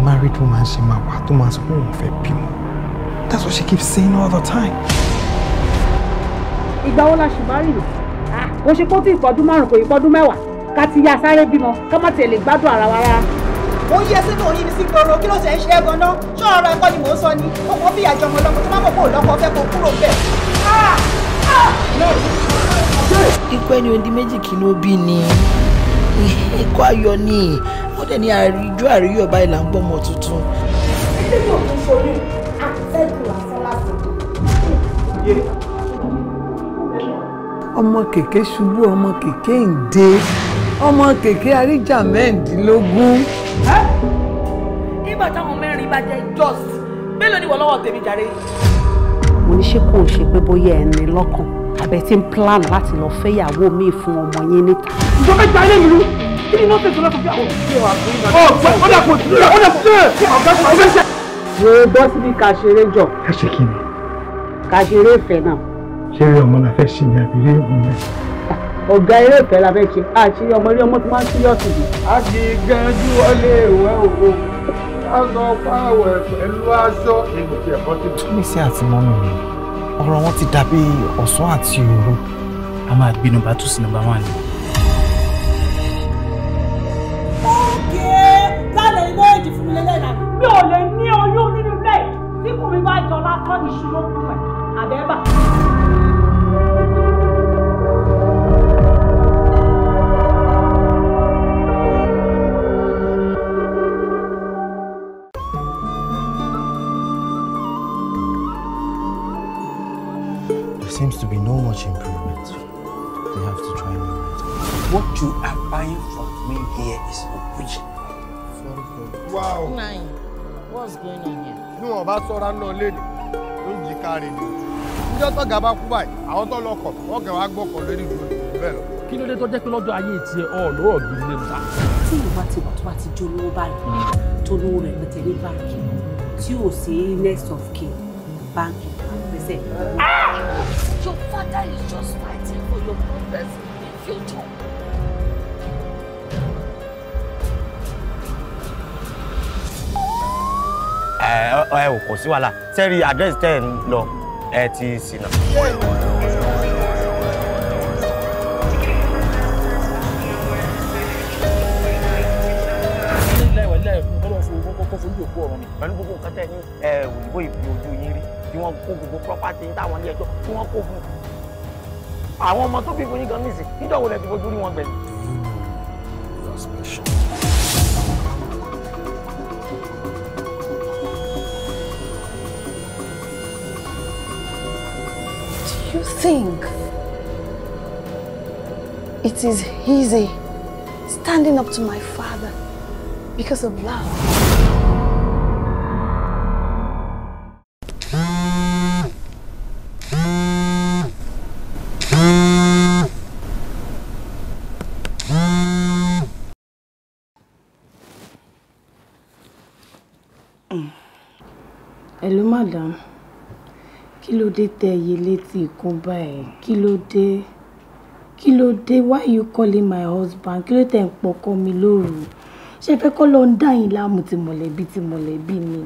married woman she ma wa to ma sọ pé that's what she keeps saying all the time. ìgbà she la Ah, bá she i kò ṣe kó tí ìpọ́dún márùn-ún kò ká ti ya sáré bímọ ká má tiẹ̀ lè gbádùn ara wa rárá. ó yẹ sínú oyin sí gbòòrò kí ló ṣe ń ṣe é ganan ṣọ́ ọ̀rọ̀ ẹ̀kọ́ ni mò ń sọ ni ọkọ̀ bí àjọ ọmọ lọ́kọ̀ tó má mọ̀ kó lọ́kọ fẹ́ kó kúrò bẹ́ẹ̀. ìpẹ́ ni odi méjì kí ló bí ni ikọ́ ayọ̀ ni wọ́n dẹ̀ ní àríjọ́ àríyọ̀ báyìí là ń gbọ́mọ tuntun. ọmọ kèké ṣubú ọmọ kèké ń dé ọmọ kèké àríjà mẹ́ẹ̀ẹ́dínlógún. nígbà táwọn mẹ́rin bá jẹ́ jọ́s mélòó ni wọ́n lọ́wọ́ tèmi jàre. mo ní ṣé kò ṣe pé bóyá ẹ ní lọ́kàn àbẹ̀ tí ń plan láti lọ fẹ́yàwó mi fún ọmọ yín níta. ìjọba ìgbà ilé mi rú kí ni nọ́ọ̀sì ìṣọ́lá tó fi àwọn òṣìṣẹ́ wa fún ìgbà. ọ̀gbẹ́ ọ̀dà kò sí ọ̀dà kò sí ọ̀gá ọ̀gá ṣe. wo bọ́ síbi ká ṣeré jọ. ká ṣe kí ni. ká ṣeré ìfẹ́ náà. ṣeré ọmọ la fẹ́ ṣe ni àbí rí ìwọ̀n mẹ́rin ọ̀gá eré ìfẹ́ la fẹ́ ṣe àṣírí ọmọ ilé ọmọ tó máa ń ṣírí ọ̀sìn jù. a kì í ganjú ọlé ìwé òwò aṣọ fáwọ̀ pẹ̀lú aṣọ èbùkù ẹ̀kọ́ ti. túmísí àti mọ́mú mi ọ̀rọ̀ wọn ti dàbí ọ̀sán àti òru a máa gbé nọ́mbà two sí nọ́mbà one. ókè lálẹ́ ilé èjì fún mi lélẹ̀ mi ò lè ní oyún nínú ilé tí kò mi bá jọ lásán ìṣúná fún ẹ̀ àbẹ́bà. much improvement. They have to try new method. What you are buying from me here is original. Wow. Nine. What's going on here? Bí about bá sọ́ra náà léde, ló ń jí káre ni. Níjọ́ tọ́gà bá kú báyìí, àwọn tó lọkọ̀, wọ́n kẹ̀ wá gbọ́kọ̀ lórí ìlú bẹ́ẹ̀ lọ. Kí ló dé tó jẹ́ pé lọ́jọ́ ayé tiẹ̀ ọ̀ lọ́rọ̀ gbé ilé mi ta? Tí ìlú bá ti wà tó bá ti jó lówó báyìí, hmm. tó lówó rẹ̀ pẹ̀tẹ̀ ní báńkì, tí ò sí next of kin, báńkì, pẹ̀sẹ̀. Ah! That is just fighting for your progress in future. ẹ ẹ ò kò sí wàhálà sẹ́rí àdírẹ́sì tẹ́ ẹ̀ ń lọ ẹ ti ṣìnà. pẹ̀lú gbogbo nǹkan tẹ́ ní òyìnbó ìfi ojú yín rí tí wọ́n kó gbogbo property táwọn ilé ẹjọ́ tí wọ́n kó fún àwọn ọmọ tó bí fún yín gan nísìn níjọ́ wo lẹ ti fojú rí wọn gbẹ̀yìn. Do you think it is easy standing up to my father because of love? madam kí ló dé tẹ iye létí ikún báyìí kí ló dé kí ló dé why you calling my husband kí ló tẹ̀ ń pọkọ mi lóru ṣé fẹ́ kọ́ ló ń dá yín láàmú ti mọ̀lẹ́bí ti mọ̀lẹ́bí ni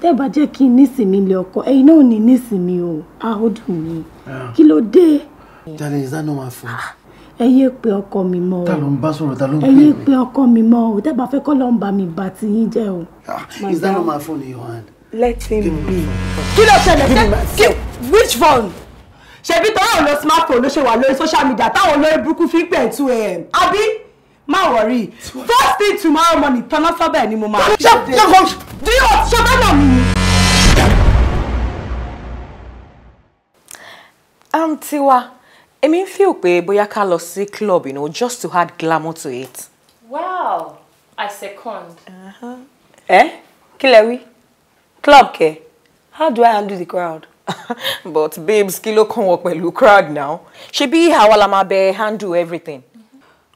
tẹ́ bá jẹ́ kí n nísìmí lé ọkọ ẹ̀yin náà ní nísìmí o àhódù mi ah. kí ló dé. jalè ìzáná máa fún ẹ yé pé ọkọ mi mọ́ o ta ló ń bá sọ̀rọ̀ ta ló ń pè mí ẹ yé pé ọkọ mi mọ́ o tẹ́ bá fẹ́ kọ́ ló ń bá mi bá ti yín jẹ́ o. Ah, is that not my phone in let him be. kí ló ṣẹlẹ̀ ṣe which phone ṣebí tó yàn lọ smartphone ló ṣe wà lórí social media táwọn olórí burúkú fi ń pè two am Abi, má wọrí first thing tomorrow morning tọ́lá sọ́bẹ̀ ni mo máa. ṣe ṣe kò do you ṣe bẹ́ẹ̀ náà mi ni. um Tiwa èmi ń feel pé bóyá ká lọ sí club you know, just to add glamour to it. Well, I second. ẹ uh-huh. eh? kí lẹ wí club kẹ how do I handle the crowd. but babes Kilo ló kàn wọ́n pẹ̀lú crowd now ṣebí àwa la máa bẹ handle everything.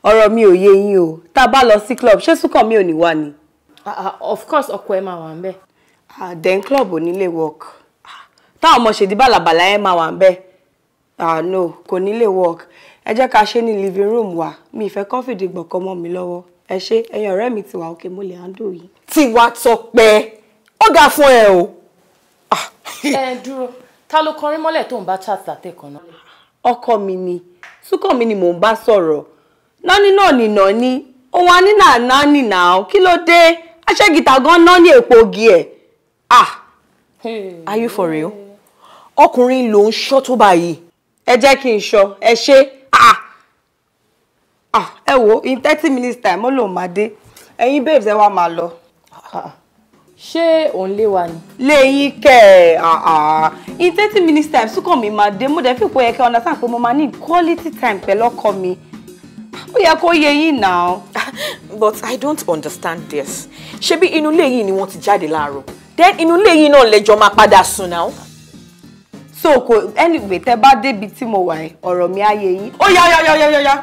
ọ̀rọ̀ mi ò yé o tá a bá lọ club ṣé súnkàn mi ò ní wá ni. Ah, ah, of course ọkọ ẹ máa wà ń bẹ. Ah, then club ò ní lè work táwọn mo ṣèdí bàlàbàlà ẹ máa wà ń bẹ ah no kò ní lè work ẹ jẹ́ ká ṣe ní living room wa mi ìfẹ́ kọ́fìdì gbọ̀kan mọ́ mi lọ́wọ́ ẹ ṣe ẹ̀yin ọ̀rẹ́ mi ti wà òkè mo lè handle yìí. tiwa tọpẹ o ga fún ẹ o. Ah. ta ló kọrin mọ́lẹ̀ tó n bá chat látẹ̀kàn na ọkọ mi ni súnkàn mi ni mò ń bá sọ̀rọ̀ ni òun anínà nání náà kí ló dé gita gan na ní èpo ah hmm. are you for real ọkùnrin ló ń tó n ṣọ́ ẹ ah ah ewo in thirty minutes time lọ. Ah, ah. ṣé òun lé wa ni. lé kẹ in thirty minutes time sùkàn mi máa dé mo dẹ̀ fi pé ẹ kẹ́ understand pé mo máa ní quality time pẹ̀lú ọkọ mi ó yẹ kó yé yín náà. but i don't understand this ṣebí inú ilé yìí ni wọ́n ti jáde láàárọ̀ then inú ilé yìí náà lẹ́jọ́ máa padà sùn náà so kò anyway tẹ bá débi tí mo wà ẹ ọ̀rọ̀ mi á yé yín. ó yá yá yá yá yá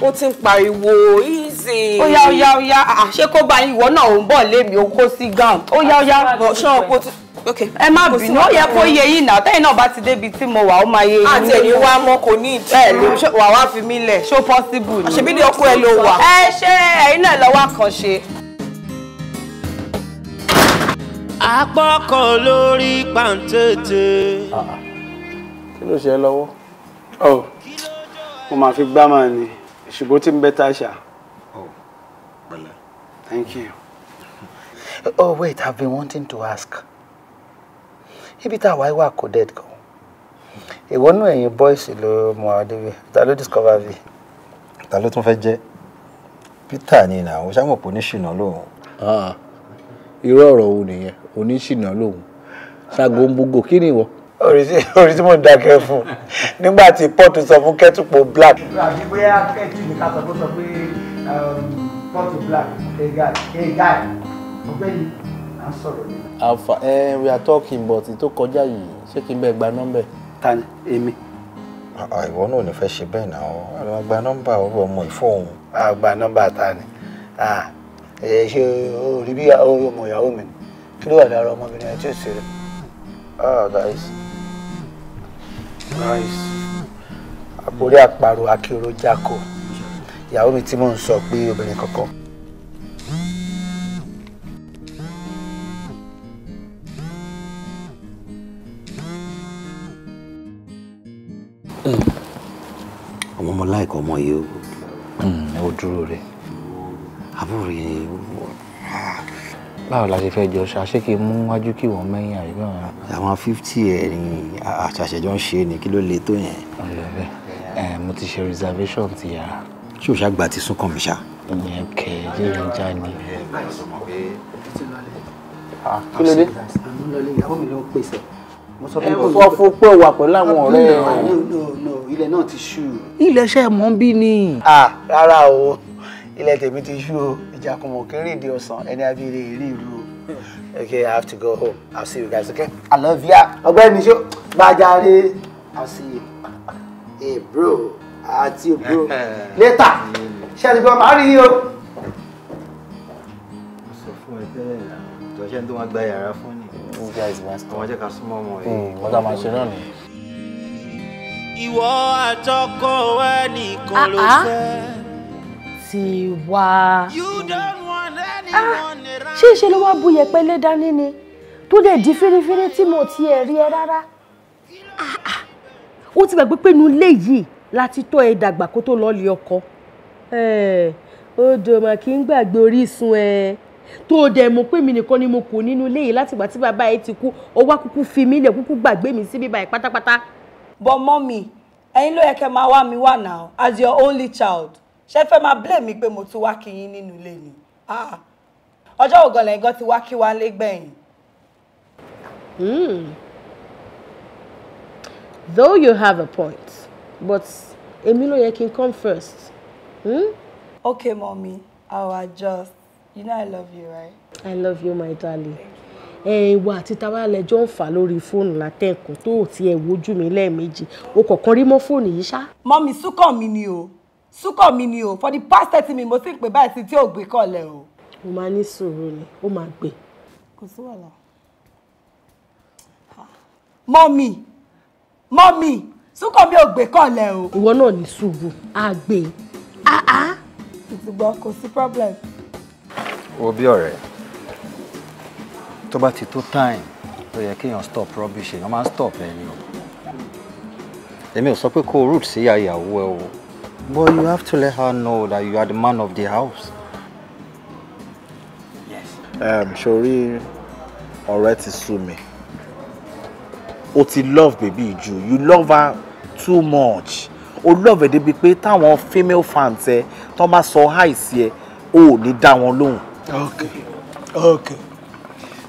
ó ti ń pariwo sí. ó yá ó yá ó yá àṣé ah, ah, kó bá ìwọ náà ò ń bọ̀ lémi o kó sí gown. ó yá ó yá ṣọ́ ọ̀pọ̀ tó ẹ má bínú ó yẹ kó yẹ yín náà tẹ́yìn náà bá ti débi tí mo wà ó máa yé yín. àti ẹ̀yin wá kò ní ìdí. ẹ wà wá fi mí lẹ̀. ṣó pọ́síbù ni. àṣebí ni ọkọ ẹ ló wà. ẹ ṣe ẹ̀yin náà lọ́wọ́ kan ṣe. apọ́kọ̀ lórí pàǹtẹ́tẹ́. Ah, kí ló ṣe é lọ́wọ́? Oh, mo máa fi gbá màá ni ṣùgbọ́n tí ń bẹ́ tá Thank you. Oh, wait, I've been wanting to ask. Ibita tá a wáyé wà kò dead kan. Ìwọ nù ẹ̀yìn boys ló mọ Adébí. Ta ló discover vi? Ta ló tún fẹ́ jẹ́? Peter ni nà, ó ṣàmọ̀ pé oníṣìnà lòun. Ah, irú ọ̀rọ̀ wo nìyẹn? Oníṣìnà lòun. Ṣàgó ń búgò kí ni ìwọ? Orí tí mo dákẹ́ fún nígbà tí pọ́ọ̀tù sọ fún kẹ́tùpọ̀ black. Àbí bóyá kẹ́tù ní ká sọ pé sọ pé. Um, pọ́ọ̀tù black hey guy hey guy ọ̀gbẹ́ni à ń sọ̀rọ̀ ni. alfa ẹ eh, we are talking but tó kọjá yìí ṣé kí n bẹ gba nọ́mbẹ̀. ta ni èmi. Ah, ìwọ náà ò ní fẹ́ ṣe bẹ́ẹ̀ náà ọ àwọn gba nọ́mbà ọ̀rọ̀ ọmọ ìfọ̀hún. àgbà nọ́mbà ta ni ṣe orí bí ọmọ ìyàwó mi kí ló wà lára ọmọbìnrin àti òṣèré. ah guys guys àbórí àparò akérò jákòó ìyàwó mi tí mò ń sọ pé obìnrin kankan. àwọn ọmọ láìka ọmọ yìí o. ó hmm, dúró rẹ. àbúrò yìí ni báwo la ṣe fẹ́ jọ ṣàṣé kí n mú wájú kí wọ́n mẹ́yìn àríwá wọn. àwọn fífítì ẹ̀rin àṣàṣẹjọ ń ṣe ni kí ló le tó yẹn. ọ̀rẹ́ rẹ mo ti ṣe reservation ti yàrá ṣé o ṣá gba ti súnkàn mi ṣá. ìyẹn kẹ ẹ yẹn já ni. Ah, kí ló dé. ẹ sọ fún wà pẹ̀lú àwọn ọ̀rẹ́ ẹ. ilẹ̀ náà ti ṣú. ilẹ̀ ṣe mọ́ bí ni. Ah, rárá o ilẹ̀ tèmi ti ṣú o ìjàkùmọ̀ kéré ìdí ọ̀sán ẹni abiri ìrí ìlú o. Okay, I have to go home. I'll see you guys, okay? I love you. Ọgbẹ́ni ṣó, bá a jáde. I'll see you. Hey, bro àti òbúrò lẹ́tà ṣàlùbọ̀ máa rí yín o. mo sọ fún ẹ tẹ́lẹ̀ náà ìjọṣẹ́ tó máa gba yàrá fún ni. ọmọ jẹ́ ká súnmọ́ ọmọ yìí. Hmm, wọ́n dá máa ṣe náà ni. ìwọ àtọkọ ẹnìkan ló ah, ah. fẹ́. Tiwa ah, ṣé ṣe ló wá bu yẹ̀pẹ̀ lé dání ni tó lè di fínífíní tí mo ti ẹ̀ rí ẹ rárá ó ti gbàgbé pé inú ilé yìí láti tọ́ ẹ dàgbà kó tó lọ́ọ́ lé ọkọ odò mà kí n gbàgbé orísun ẹ tó dẹ̀ mọ̀ pé mi nìkan ni mo kù nínú ilé yìí látìgbà tí bàbá ẹ ti kú ọwọ́ kúkú fi mí lẹ̀ kúkú gbàgbé mi sí bíbá ẹ pátápátá. but mọ́mì ẹ̀yin ló yẹ kẹ́ máa wá mi wá now as your only child ṣé fẹ́ máa blame mi pé mo ti wá kí yín nínú ilé ni ah, ọjọ́ ògàn lẹ́yìn gan ti wá kí wá lé hmm. though you have a point but Emilio, ló can come first. Hmm? okay mommy I'll adjust you know i love you right. i love you my darling. ìwà àti tàwa lẹjọ ń fà lórí fóònù látẹ̀kùn tó ò tiẹ̀ wojú mi lẹ́ẹ̀mejì o kọ̀ọ̀kan rí mọ́ fóònù yìí ṣá. mọ́mí súnkọ̀ mi ni o súnkọ̀ mi ni o for the past thirty minutes mo sì ń pè báyìí sí tí ò gbé kọ̀lẹ̀ o. mo máa ní sùúrù ni ó máa gbé. kò sí wàhálà. mọ́mí mọ́mí súnkànmí ò gbé kọ̀lẹ̀ o. ìwọ náà ní ṣubú Ah e. ah. ìtùgbọ́ kò sí problem. wo bí ọ̀rẹ́ tó bá ti tó time tó yẹ kéèyàn stop rubbish èèyàn máa ń stop ẹni o èmi ò sọ pé kó root sí ìyàwó ẹ o but you have to let her know that you are the man of the house. yes. Um, sori ọ̀rẹ́ ti sú mi o ti love baby ju you love her too much o love ẹ̀ débi pé táwọn female fans ẹ tó bá sọ hi ẹ ò ní dá wọn lóhùn. ok ok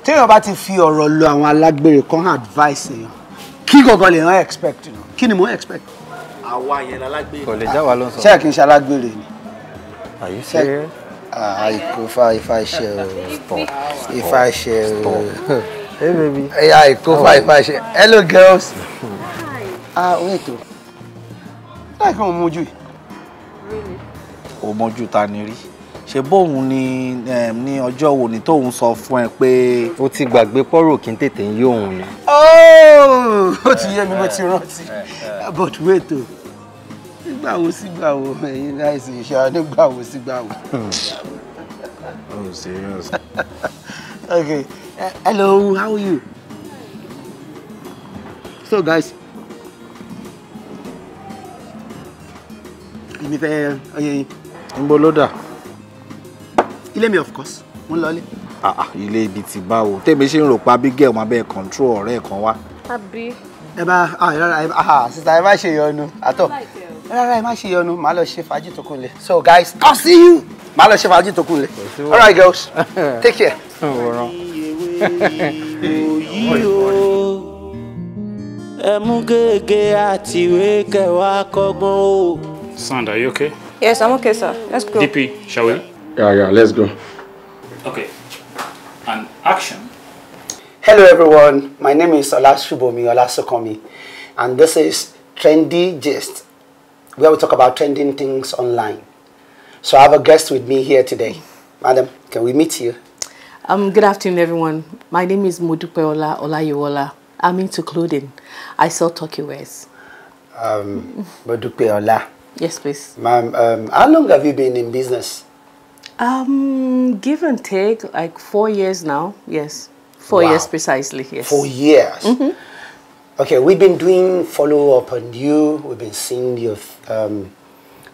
téèyàn bá ti fi ọ̀rọ̀ lọ àwọn alágbèrè kan advice èèyàn kí gangan lè rán expect nù kí ni mo expect. àwa yẹn lálágbèrè. kò lè já wa ló ń sọ. ṣé kì í ṣe alágbèrè ni. are you serious. ah ikofa ifa ṣe o ifa ṣe o hey baby. yeah ikofa ifa ṣe hello girls. ah wait o. Oh láì kí wọn yìí. really. ò mọjú ta ni rí ṣe bóun ni ní ọjọ́ wo ni tóun sọ fún ẹ pé. ó ti gbàgbé pọ́rọ̀ kí n tètè ń yí òun ni. Oh! ó ti yé mi bó ti rántí eh, eh, eh. but wait o nígbà wo sígbà wo ẹ̀yin láìsí iṣẹ́ nígbà wo oh serious. okay hello how are you. so guys èmi fẹ́ ọyẹ yín. ń gbọ́ lọ́dà. ilé mi of course mo ń lọlé. Ah, ah, ilé ibi ti báwo tèmi ṣe ń rò pa abigail máa bẹ́ẹ̀ control ọ̀rẹ́ kan wá. àbí. ẹ bá rárá sísá ẹ má ṣe yọnu àtọ rárá ẹ má ṣe yọnu màá lọ ṣe fàájì tó kúnlẹ̀ so guys I'll see you màá lọ ṣe fàájì tó kúnlẹ̀ all right girls take care. ẹ mú gègé àtiwé kẹwàá kọ́gbọ́n o. Sand, are you okay? Yes, I'm okay, sir. Let's go. DP, shall we? Yeah, yeah, let's go. Okay. And action. Hello, everyone. My name is Olashubomi Olasokomi, and this is Trendy Gist, where we talk about trending things online. So I have a guest with me here today. Madam, can we meet you? Um, good afternoon, everyone. My name is Modupeola Olayiwola. I'm into clothing. I sell Tokyo wares. Um, Olá. Yes, please. Ma'am, um, how long have you been in business? Um, give and take, like four years now. Yes, four wow. years precisely. Yes. Four years. Mm -hmm. Okay, we've been doing follow up on you. We've been seeing your um,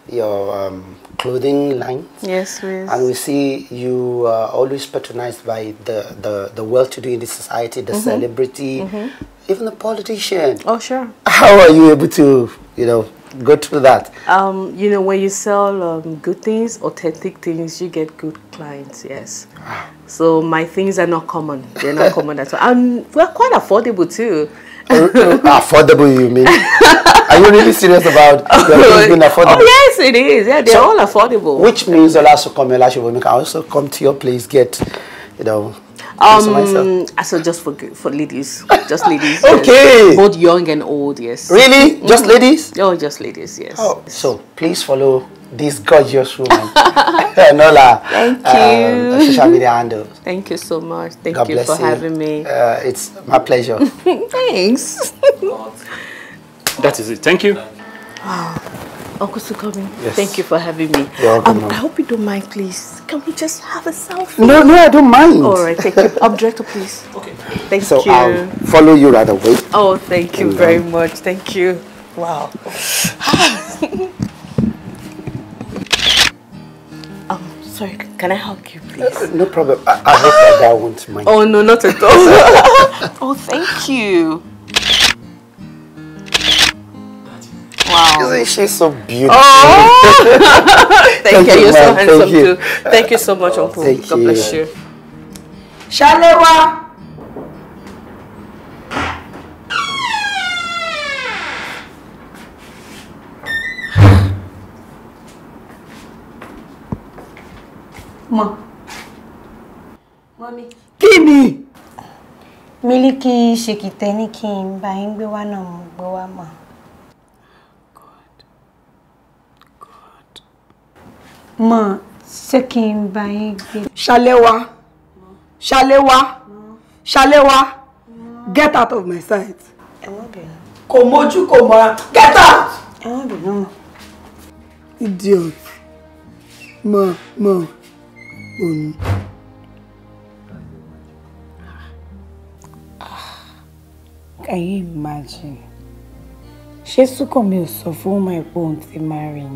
your um, clothing line. Yes, please. And we see you are always patronized by the the, the well-to-do in the society, the mm -hmm. celebrity, mm -hmm. even the politician. Oh, sure. How are you able to, you know? go through that? Um, you know, when you sell um, good things, authentic things, you get good clients, yes. Ah. So my things are not common. They're not common at all. And we're quite affordable too. Oh, oh, affordable, you mean? Are you really serious about oh, being affordable? Oh, yes, it is. Yeah, they're so, all affordable. Which means Olasu Komela Shobomi can also come to your place, get, you know, um, so just for um, for ladies, just ladies. okay. Yes. Both young and old, yes. Really, mm-hmm. just mm -hmm. ladies? Oh, just ladies, yes. Oh, so please follow this gorgeous woman, Nola. Thank um, you. Um, social media handle. Thank you so much. Thank God you for you. having me. Uh, it's my pleasure. Thanks. that is it. Thank you. Wow. Uncle Sukomi, yes. thank you for having me. Welcome, um, I hope you don't mind, please. Can we just have a selfie? No, no, I don't mind. All right, thank you. Um, director, please. Okay. Thank so you. So I'll follow you right away. Oh, thank you and very um, much. Thank you. Wow. um, sorry, can I hug you, please? Uh, no problem. I, I hope that I won't mind. Oh, no, not at all. oh, thank you. Wow. Isn't she so beautiful? Oh. thank, thank, you. You're so handsome thank you. too. Thank you so much, oh, Uncle. God you. bless you. Shalewa. Ma. Mommy. Kimi. Miliki Mílíkì ṣèkìtẹ́ ní kí n bá yín gbé wá náà mo Ma, ṣé kí n bá yín gbé. ṣàlẹ́wà get out of my sight. I won't be. kò mójú get out. I won't be. No, idiot Ma, ma, un. Can you imagine? She's so ò sọ fún ọmọ ẹ̀pọ̀ òun ti máa rìn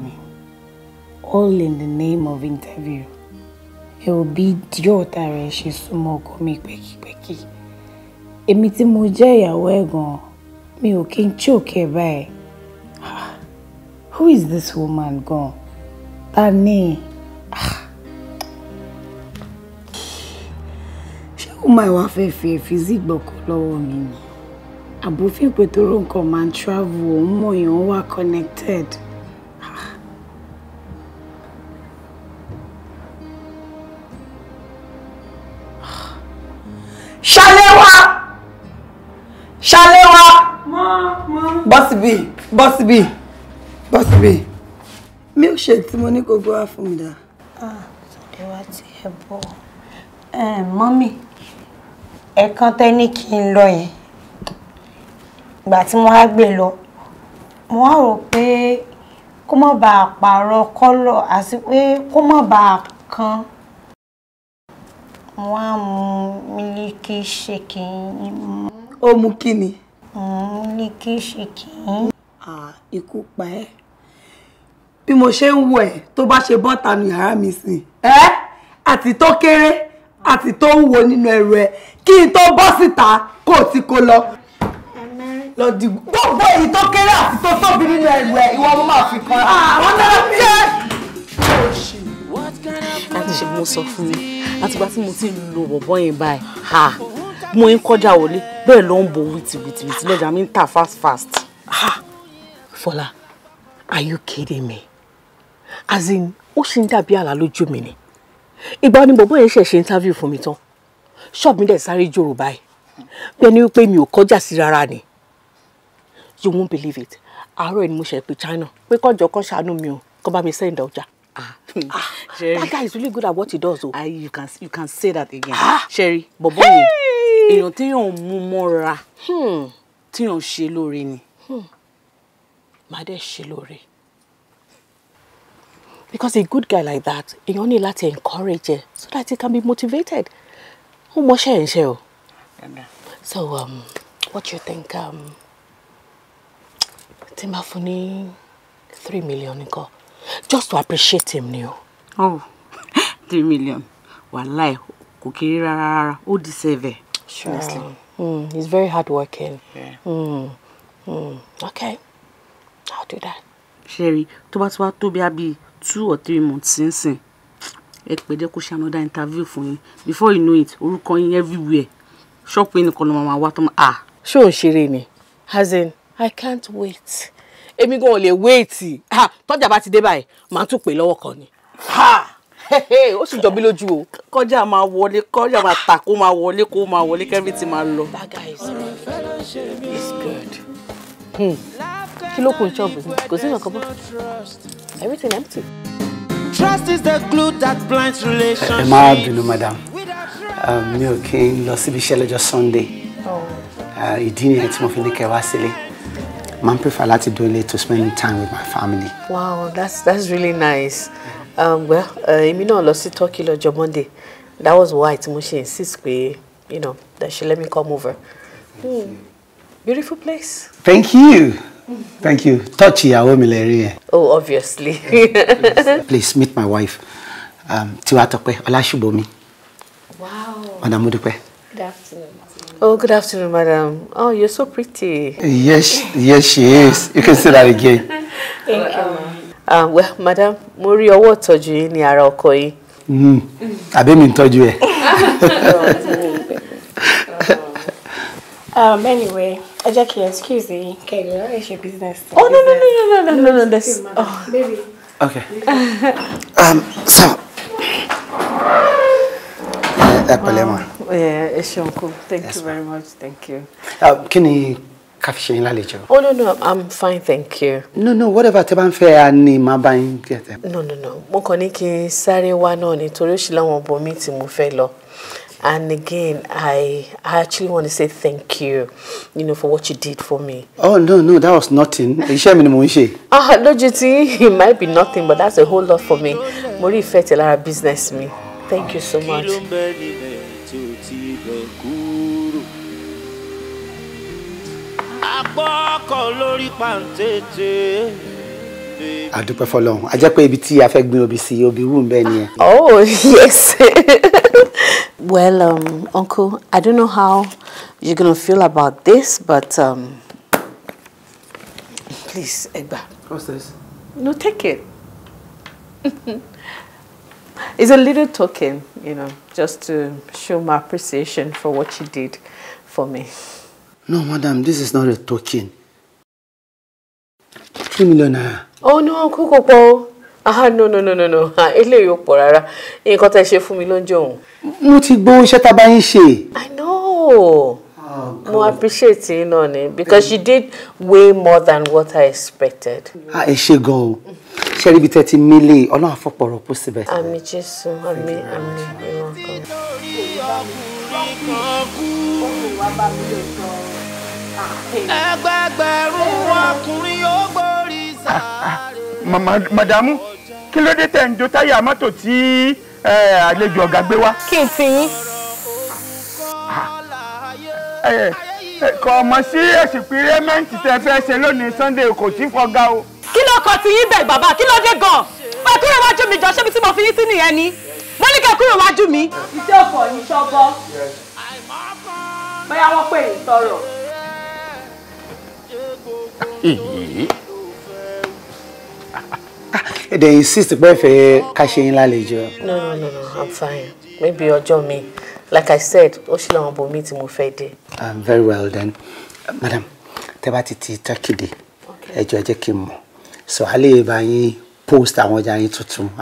all in the name of interview ẹ ò bí díẹ̀ ọ̀tá rẹ̀ ṣe súnmọ́ ọkọ mi pẹ́kípẹ́kí èmi tí mo jẹ́ ìyàwó ẹ̀ gan mi ò kí n choke ẹ̀ báyìí ah, who is this woman gan ta ni ah. ṣé ó máa wá fẹ́ fi èéfì sí lọ́wọ́ mi ni àbúfíìpẹ̀ tó rò nǹkan máa ń travel òun mọ̀ èèyàn wà connected. bọ́ síbí bọ́ síbí mi ò ṣe tí mo ní gbogbo wá fún mi dá. Ah, ṣọdẹ wa ti ẹ bọ eh, mọ́mì ẹ̀ẹ̀kan tẹ́ ní kí n lọ yẹn ìgbà tí mo wá gbé lọ mo wá rò pé kó má bàa pààrọ̀ kọ́lọ̀ àti pé kó má bàa kan mo wá mu mílíkì ṣèkì. ó mu kí ni. mílíkì ṣèkì ikú pa ẹ́ bí mo ṣe ń wò ẹ́ tó bá ṣe bọ́ta nu yàrá mi sìn ẹ́ àti tó kéré àti tó ń wo nínú ẹrù ẹ kí n tó bọ́ síta kó o ti kó lọ lọ di gbogbo èyí tó kéré àti tó tóbi nínú ẹrù ẹ ìwọ mo máa fi kan àwọn náà jẹ. láti ṣe mo sọ fún mi àtìgbà tí mo ti lo bọ̀bọ̀ yẹn báyìí mo ń kọjá wọlé bẹ́ẹ̀ ló ń bo wìtìwìtì lọ́jà mi ń tà fast fast. Fola, are you kidding me? As in, ó ṣì ń dàbí àlá lójú mi ni. Ìgbà ni bọ̀bọ́ yẹn ṣẹ̀ṣẹ̀ interview fún mi tán. shop, mi dẹ̀ sáré jòrò báyìí. Bẹ́ẹ̀ ni wípé mi ò kọjá sí rárá ni. You won't believe it. Aro ni mo ṣe pé China pé kọ́jọ́ kan ṣàánú mi o, kọ́ bá mi sẹ́yìn ọjà. Ah, ah, Sherry. That guy is really good at what he does. Oh. Ah, you can you can say that again. Ah. Sherry, bọ̀bọ́ yẹn, èèyàn téèyàn Hmm. mọ́ra, téèyàn ṣe lóore ni. Hmm màá dẹ̀ because a good guy like that he only ní to encourage ẹ so that he can be motivated ó mọṣẹ́ ẹ̀ ń ṣe so um, what you think um, tí three million nǹkan just to appreciate him ni oh three million wàláì kò rara rara. Who deserve it. sure honestly. mm, he's very hardworking. Yeah. Mm, mm, okay. I'll do that. Sherry, tó bá ti wá two or three months since, ẹ pẹ̀ jẹ́ kó ṣe another interview for you. Before you know it, we're calling everywhere. Ṣọ́ọ̀pù yín nìkan ló máa wá tó máa. Ah. Ṣé ò ń ṣeré ni? As in, I can't wait. Èmi gan ò lè wait. Ah, tọ́jà bá ti dé báyìí, màá tún pè lọ́wọ́ kan ni. Ó sì jọ bí lójú o. Kọjá máa wọlé, kọjá call your kó máa wọlé, kó call wọlé, kẹ́rì ti máa lọ. That guy is good. He's good. Hmm kí ló kún ṣọ́ọ̀bù kò sí nǹkan bọ́ everything empty. trust is the glue that blinds relationship. ẹ má bínú madam um, mi ò kí n lọ síbi iṣẹ́ lọ́jọ́ sunday oh. uh, ìdí nìyẹn tí mo fi ní kẹ́ wá sílé máa ń prefer láti dóolé to spend time with my family. wow that's that's really nice um, well uh, èmi náà lọ sí turkey lọ́jọ́ monday that was why tí mo ṣe insist pé you know that she let me come over. Hmm. Beautiful place. Thank you. Thank you. Touch ìyàwó mi Oh, obviously. please, please meet my wife. Um, Tiwatope Olashibomi. Wow. Madam Mudupe. Good afternoon. Oh, good afternoon, madam. Oh, you're so pretty. Yes, yes, she is. You can say that again. Thank you. Um, well, madam, Muri, rí ọwọ́ ìtọ́jú yín ní ara ọkọ yín. Mm. Àbí mi ń tọ́jú ẹ. Oh, Um, anyway, I just can excuse me. Can you your business? Oh, no, no, no, no, no, no, no, no, this. Oh, baby. Okay. um, so. Ẹ pẹ̀lẹ́ mà. Ẹ Thank you very much. Thank you. Um, kí ni ká fi ṣe yín lálejò? Oh no no I'm fine thank you. No no whatever tẹ́ bá ń fẹ́ a ni màá bá No no no mo kàn ní kí n sáré wá náà nítorí ó ṣì láwọn ọbọ mo fẹ́ lọ. And again, I, I actually want to say thank you, you know, for what you did for me. Oh, no, no, that was nothing. Iṣẹ́ mi ni mò ń ṣe. Ah, no, tí, it might be nothing, but that's a whole lot for me. Mo rí ìfẹ́ business me. Thank you so much. Apọ́kọ̀ lórí pàǹtẹ́tẹ́. I do a long. I just tí a fẹ́ gbin obì sí obì oh yes well um, uncle i don't know how you're gonna feel about this but um, please egba. what's this. no take it. it's a little token you know just to show my appreciation for what you did for me. no madam this is not a token. Three million naira. Oh no, wọ́n kú kò ah no no no no no eléyìí ò pọ̀ rárá nǹkan tẹ́ ṣe fún mi lọ́jọ́ òun. mo ti gbọ́ iṣẹ́ tá a bá yín ṣe. i know oh, mo appreciate yín náà ni because she did way more than what i expected. ẹ ṣe gan o ṣe ríbi tẹ́ ti mílè e? ọlọ́run àfọ̀pọ̀rọ̀ kó síbẹ̀. àmì jésù àmì àmì ìwà kan. ẹgbẹgbẹ̀rún ọkùnrin yóò gbọ́ màdàmú kí ló dé tẹ̀ ń jó táyà mọ́tò tí àlejò ọ̀gá gbé wá. kí n ti yín. Ah. kò mọ̀ sí ẹ̀sìpírẹ́mẹ́ǹtì tẹ fẹ́ ṣe lónìí Sunday kò tí fọgá o. kí ló kọ tiyín bẹ́ẹ̀ bàbá kí ló dé gan-an ẹ kúrò iwájú mi jọ ṣébi tí mo fi yín sí nìyẹn ni mo ní kẹ́ kúrò iwájú mi. iṣẹ́ ọ̀fọ̀ ni ṣọ́gbọ́ bóyá wọ́n pè é tọrọ. They ah, insist to fẹ́ ká ṣe yín lálejò. no no no no i'm fine maybe join me. like i said ó ṣì làwọn bomi tí mo fẹ́ ah, very well then madam tẹ́ bá ti ti turkey ẹ jọ̀ọ́ ẹ jẹ́ kí n mọ̀ so a lè bá yín post àwọn ọjà yín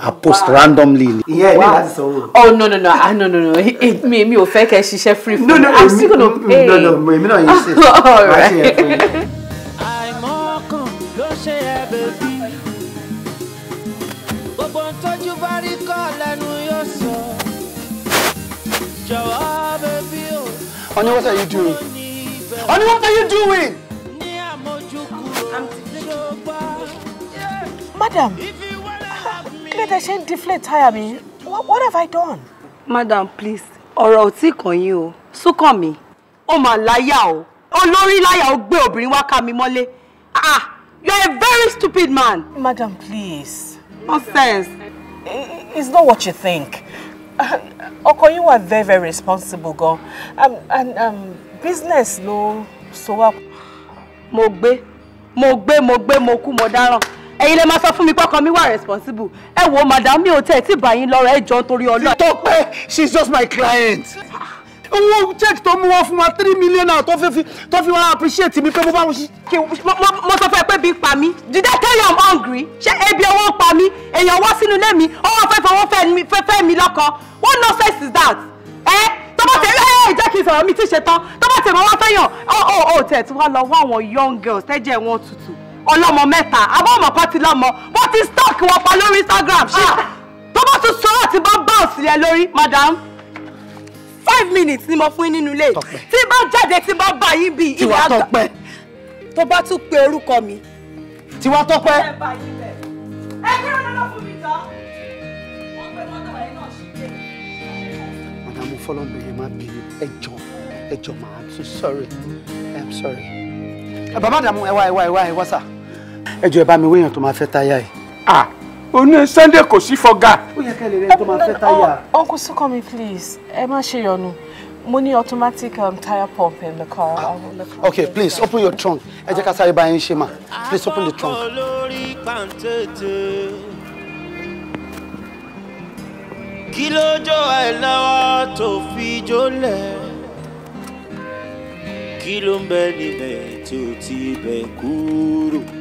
i post wow. randomly. Yeah, ẹ̀ ní láti oh no no no ah no no no Me, me, ò fẹ́ kẹ́ free for no no i'm still gonna pay. no no me, me, no ṣe máa ṣe yẹn Honey, what are you doing? Honey, what are you doing? Madam, let ṣe ń deflate tire me. What, what have I done? Madam, please, Or I'll take on you. So call me. ó mà láyà o. Olórí láyà ó gbé obìnrin wá ká mi mọ́lé. Ah, you're a very stupid man. Madam, please. Nonsense. It's not what you think. ọkọ you are very very responsible gan um, and um, business no. so wá. Mogbe, mogbe, mogbe, moku, mo Eh, you kú mo dáràn ẹ̀yin lè máa mi pọ́kàn mi wà responsible Eh, wo madam mi ò tẹ̀ tí bàyín lọ́rọ̀ ẹ jọ nítorí ọlọ́ọ̀. She's just my client owó check tó mú wọn wa three million naira tó fi tó fi wá appreciate mi pé mo bá wọn ṣe. mo sọ fún ẹ pé bí pa mí did I tell you I'm hungry ṣé ebi ọwọ́ ń pa mí èèyàn wá sínú ilé mi ọwọ́ fẹ́ fọwọ́ fẹ́ mi lọ́kọ what nonsense is that? Eh? tó bá tẹ̀ ẹ́ jẹ́ kí n sọ̀rọ̀ mi tí ṣe tán tó bá tẹ̀ mọ́ wá fẹ́yàn ó ó ó tẹ̀ tí wọ́n lọ wá àwọn young girls tẹ́jẹ́ wọn tutù ọlọ́mọ mẹ́ta àbọ̀ ọmọ kan ti lọ́mọ wọ́n ti stock wọn pa lórí Instagram ṣé ah! tó bá tún so ti bá bounce yẹn lórí madam five minutes ni mo fún yín nínú ilé tí bá jáde tí bá bá yín bí ilé àgbà tó bá tún pe orúkọ mi. tiwa tọpẹ. ẹ kí ló dáná fún mi tán wọn pe mọtò ẹ náà ṣì dé. madamu fọlọmọye má bi. ẹ jọ ẹ jọ ma i'm so sorry i'm sorry. ẹ bàbá dàmú ẹ wá ẹ wá ẹ wá ẹ wá sà. ẹ jọ ẹ bá mi wéèyàn tó máa Ah oní Sunday kò sí fọgá. ó yẹ kẹ́lẹ́ rẹ tó máa fẹ́ táyà. Um, um, uncle Sukanmi please ẹ má ṣe yọnu mo ní automatic um, tire pump in the car. Ah. The okay please open your trunk ẹ jẹ́ ká sáré bá yín ṣe mà please open the trunk. kí ló jó tó fi jólẹ̀ kí ló ń bẹ níbẹ̀ tí ti bẹ̀ kúrò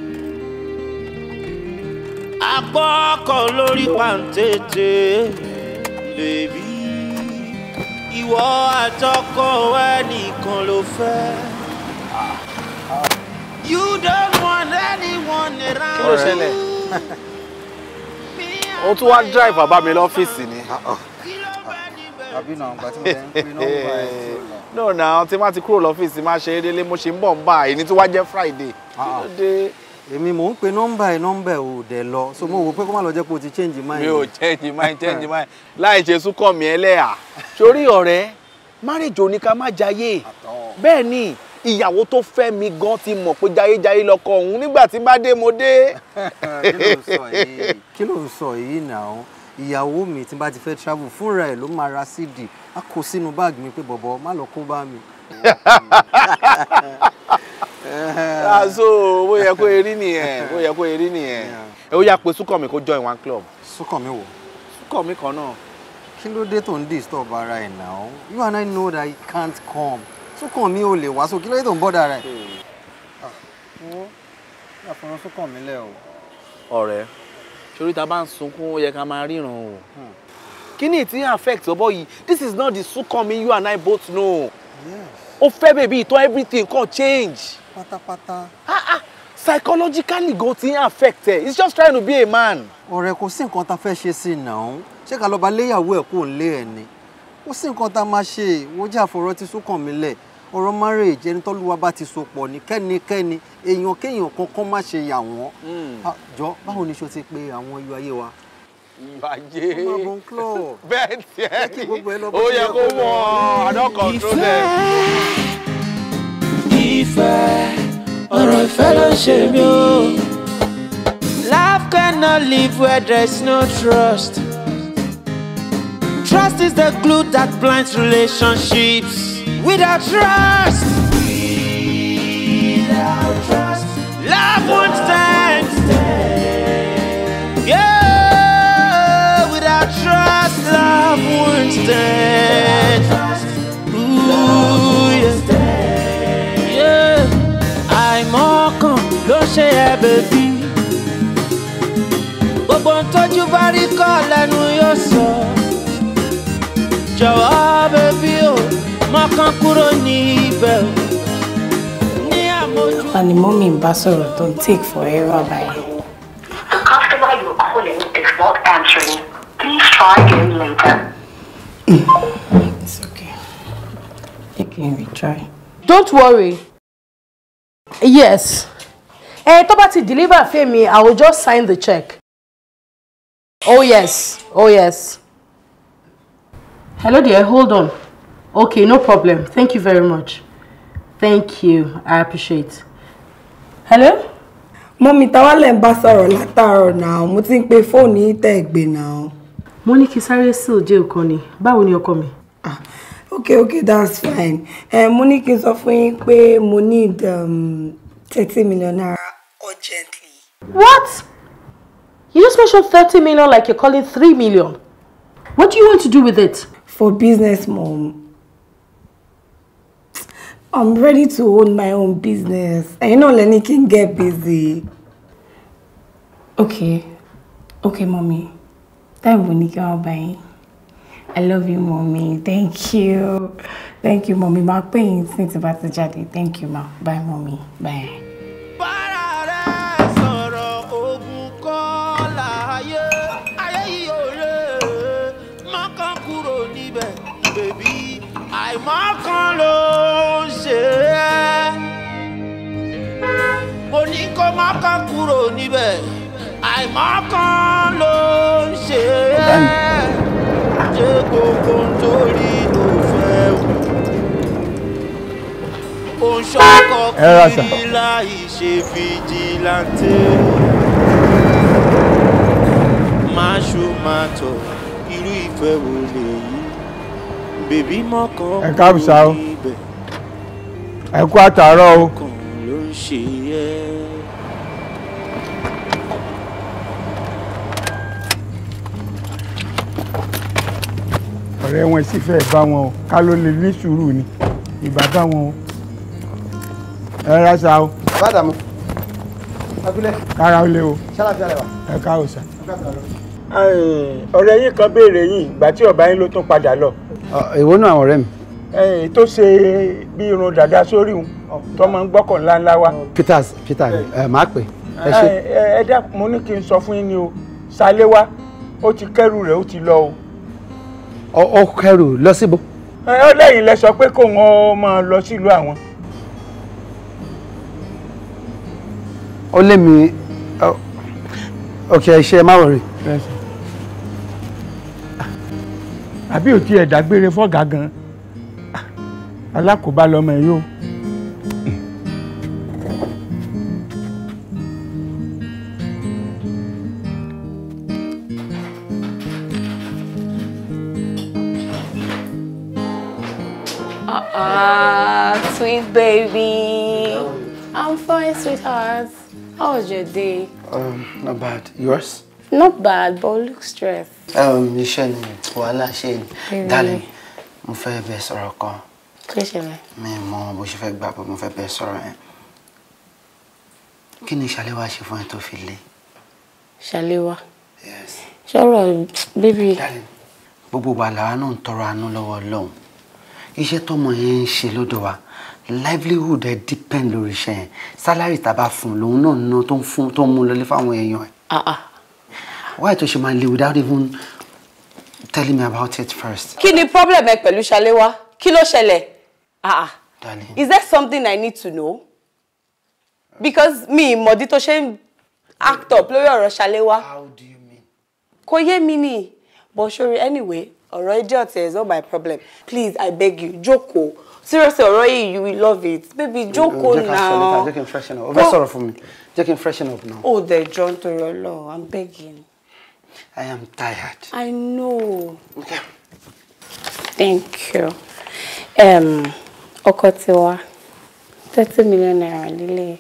apọ́kọ̀ lórí pàǹtẹ̀tẹ̀ lèmi ìwọ àtọkọ ẹnìkan ló fẹ́. you don't want anyone around you. kí ló ṣẹlẹ̀? o tún wá drive bàbá mi lọ́fíìsì ni. no na tí má ti kúrò lọ́fíìsì má ṣe é délé mo ṣe ń bọ̀ ń bá èyí tí wàá jẹ́ Friday. Ah, ah. kí ló èmi mò ń pe nọ́mbà ẹ̀ nọ́mbà ẹ̀ ò dẹ̀ lọ so mo wò pé kó má lọ jẹ́ pé o ti change mind. mi ò change mind change mind láì ṣe súnkàn mi ẹlẹ́yà. sórí ọ̀rẹ́ marriage ò ní ká má jayé bẹ́ẹ̀ ni ìyàwó tó fẹ́ mi gan ti mọ̀ pé jayéjayé lọkọ òun nígbà tí bá dé mo dé. kí ló ń sọ yìí náà ìyàwó mi tí bá ti fẹ́ travel fúnra ẹ̀ ló máa ra cd a kó sínú báàgì mi pé bọ̀bọ̀ má lọ kó bá mi. Ah, so bó yẹ kó erí nìyẹn bó yẹ kó erí nìyẹn ó yà pé Súnkànmí kó join one club. Súnkànmí wò. Súnkànmí kan náà. kí ló dé tó ń disturb ara ẹ̀ náà you and I know that he can't come Súnkànmí ò lè wá so kí ló dé tó ń bọ́dà ara ẹ̀. Hmm. Ah, wo àfọ̀rọ̀ Súnkànmí lẹ̀ o. ọ̀rẹ́ torí ta bá ń sunkún ó yẹ ká máa ríran o. Hmm. kí ni ìtí affect ọbọ yìí this is not the Súnkànmí you and I both know ó fẹ́ bèbí ìtàn everything kan change. pátápátá. ah ah psychologically go ti ń affect ẹ he's just trying to be a man. ọ̀rẹ́ kò sí nǹkan tá a fẹ́ ṣe sí i náà ṣé ká lọ́ọ́ bá léyàwó ẹ̀ kó lé ẹ̀ ni kò sí nǹkan tá a máa ṣe wọ́n jẹ́ àfọ̀rọ̀ ti sún kàn lẹ̀ ọ̀rọ̀ marriage ẹni tọ́lúwa bá ti so pọ̀ ní kẹ́nikẹ́ni èèyàn kéèyàn kankan má ṣe yà wọ́n. Hmm. Ah, jọ báwo ni ṣo ti pe àwọn ayọ̀ ayé wa ìbàjẹ́ bẹ́ẹ̀ tiẹ̀ ni ó yẹ kó mọ àdán control ẹ̀. ìfẹ́ ọ̀rọ̀ ìfẹ́ ló ṣe mí o. Love cannot live where there is no trust. Trust is the glue that binds relationships. Without trust, without trust, love won't stand. can stand. Ooh, yeah. yeah. àìmọ̀kan ló ṣe ẹ́ bèbí. gbogbo tójú bá rí kọ́ lẹ́nu yóò sọ. jọ̀wọ́ bèbí o mọ́kàn kúrò níbẹ̀ o. ní àmójú. wọn ni mọ́mí ń bá sọ̀rọ̀ tó ń take forever báyìí. The customer you're calling is not answering. Please try again later. It's okay. You can retry. Don't worry. Yes. Eh, tó bá ti deliver Femi, I will just sign the check. Oh yes. Oh yes. Hello dear, hold on. Okay, no problem. Thank you very much. Thank you. I appreciate. Hello? Mommy, tawale wá lẹ ń bá sọ̀rọ̀ látàárọ̀ pe phone yín tẹ́ now mo ní kí sáré síl jẹ́ nǹkan ni báwo ni ọkọ mi. Ah, ok ok that's fine uh, mo ní kí n sọ fún yín pé mo need um, thirty million naira urgently. what you just mentioned thirty million like you're calling three million what do you want to do with it. for business mom. I'm ready to own my own business. I know Lenny can get busy. Okay. Okay, mommy. I love you, mommy. Thank you. Thank you, mommy. My pain thinks about the daddy. Thank you, ma. Bye, mommy. Bye. àìmọ́kàn àìmọ̀kan ló ń ṣe ẹ́ ṣe kókó nítorí ló fẹ́ wù. ó ń ṣọkọ kiri láì ṣe fìjìláńtì. máṣu máa tọ̀ irú ìfẹ́ wo lèyí bèbí mọ́kàn kò ní ibẹ̀. ẹ kú àtàárọ̀ o. ọkàn ló ń ṣe ẹ́. ọ̀rẹ́ wọn sì fẹ́ bá wọn o ká ló lè ní sùúrù ni ìbá bá wọn o. ẹ ra sa o. bàdà mu abúlé. kára ó lé o. ṣáláfíà rẹwà. ẹ ká o sà. ọ̀rẹ́ yín kan béèrè yín ìgbà tí ọ̀bá yín ló tún padà lọ. èwo náà àwọn ọ̀rẹ́ mi. tó ṣe bí irun dàda sórí òun tó máa ń gbọ́kàn ńláńlá wa. Peter Peter máa pè ẹ dá mo ní kí n sọ fún yín ni o Ṣaléwá ó ti kẹ́rù rẹ̀ ó ti lọ o ọ kẹrù lọ síbo. ó lẹ́yìn lẹ sọ pé kó wọn máa lọ sílùú àwọn. ó lé mi ọkẹ iṣẹ má wọrí. àbí ò tiẹ̀ dágbére fọ́gà gan-an alákòóbá lọmọ yìí o. Ah, sweet baby. I'm fine, sweetheart. How was your day? Um, not bad. Yours? Not bad, but look stressed. Um, iṣẹ́ ni wàhálà ṣe Darling, mo fẹ́ bẹ sọ̀rọ̀ kan. Kí ṣẹlẹ̀? Mi mọ bó ṣe fẹ́ gbà pé mo fẹ́ bẹ sọ̀rọ̀ yẹn. Kí ni Ṣaléwá ṣe fún fi le? Ṣaléwá? Yes. Ṣọ́rọ̀ baby. Darling, gbogbo wa làwa náà ń tọrọ àánú iṣẹ́ tọmọ yẹn ń ṣe lọ́dọ̀ wa livelihood ẹ depend lórí iṣẹ́ yẹn salary tá a bá fún un lòun náà ná tó ń fún tó ń mú lọlé fáwọn èèyàn ẹ. Ah, ah. why tó ṣe máa le without even telling me about it first. kí ni problem ẹ pẹ̀lú ṣàléwá kí ló ṣẹlẹ̀ ah, is there something i need to know because mi ìmọ̀dí tó ṣe ń act up lórí ọ̀rọ̀ ṣàléwá kò yé mi ni but sorry anyway ọ̀rọ̀ idiot is not my problem please i beg you Joko. seriously ọ̀rọ̀ yìí you will love it baby Joko, now jẹ́ ká sọ níta jẹ́ kí n freshen up o fẹ́ sọ̀rọ̀ fún mi jẹ́ kí n freshen up now. oh dey john torí Ọlọ́run i'm begging. i am tired. i know. Okay. thank you. Um, ọkọ ti thirty million naira lílé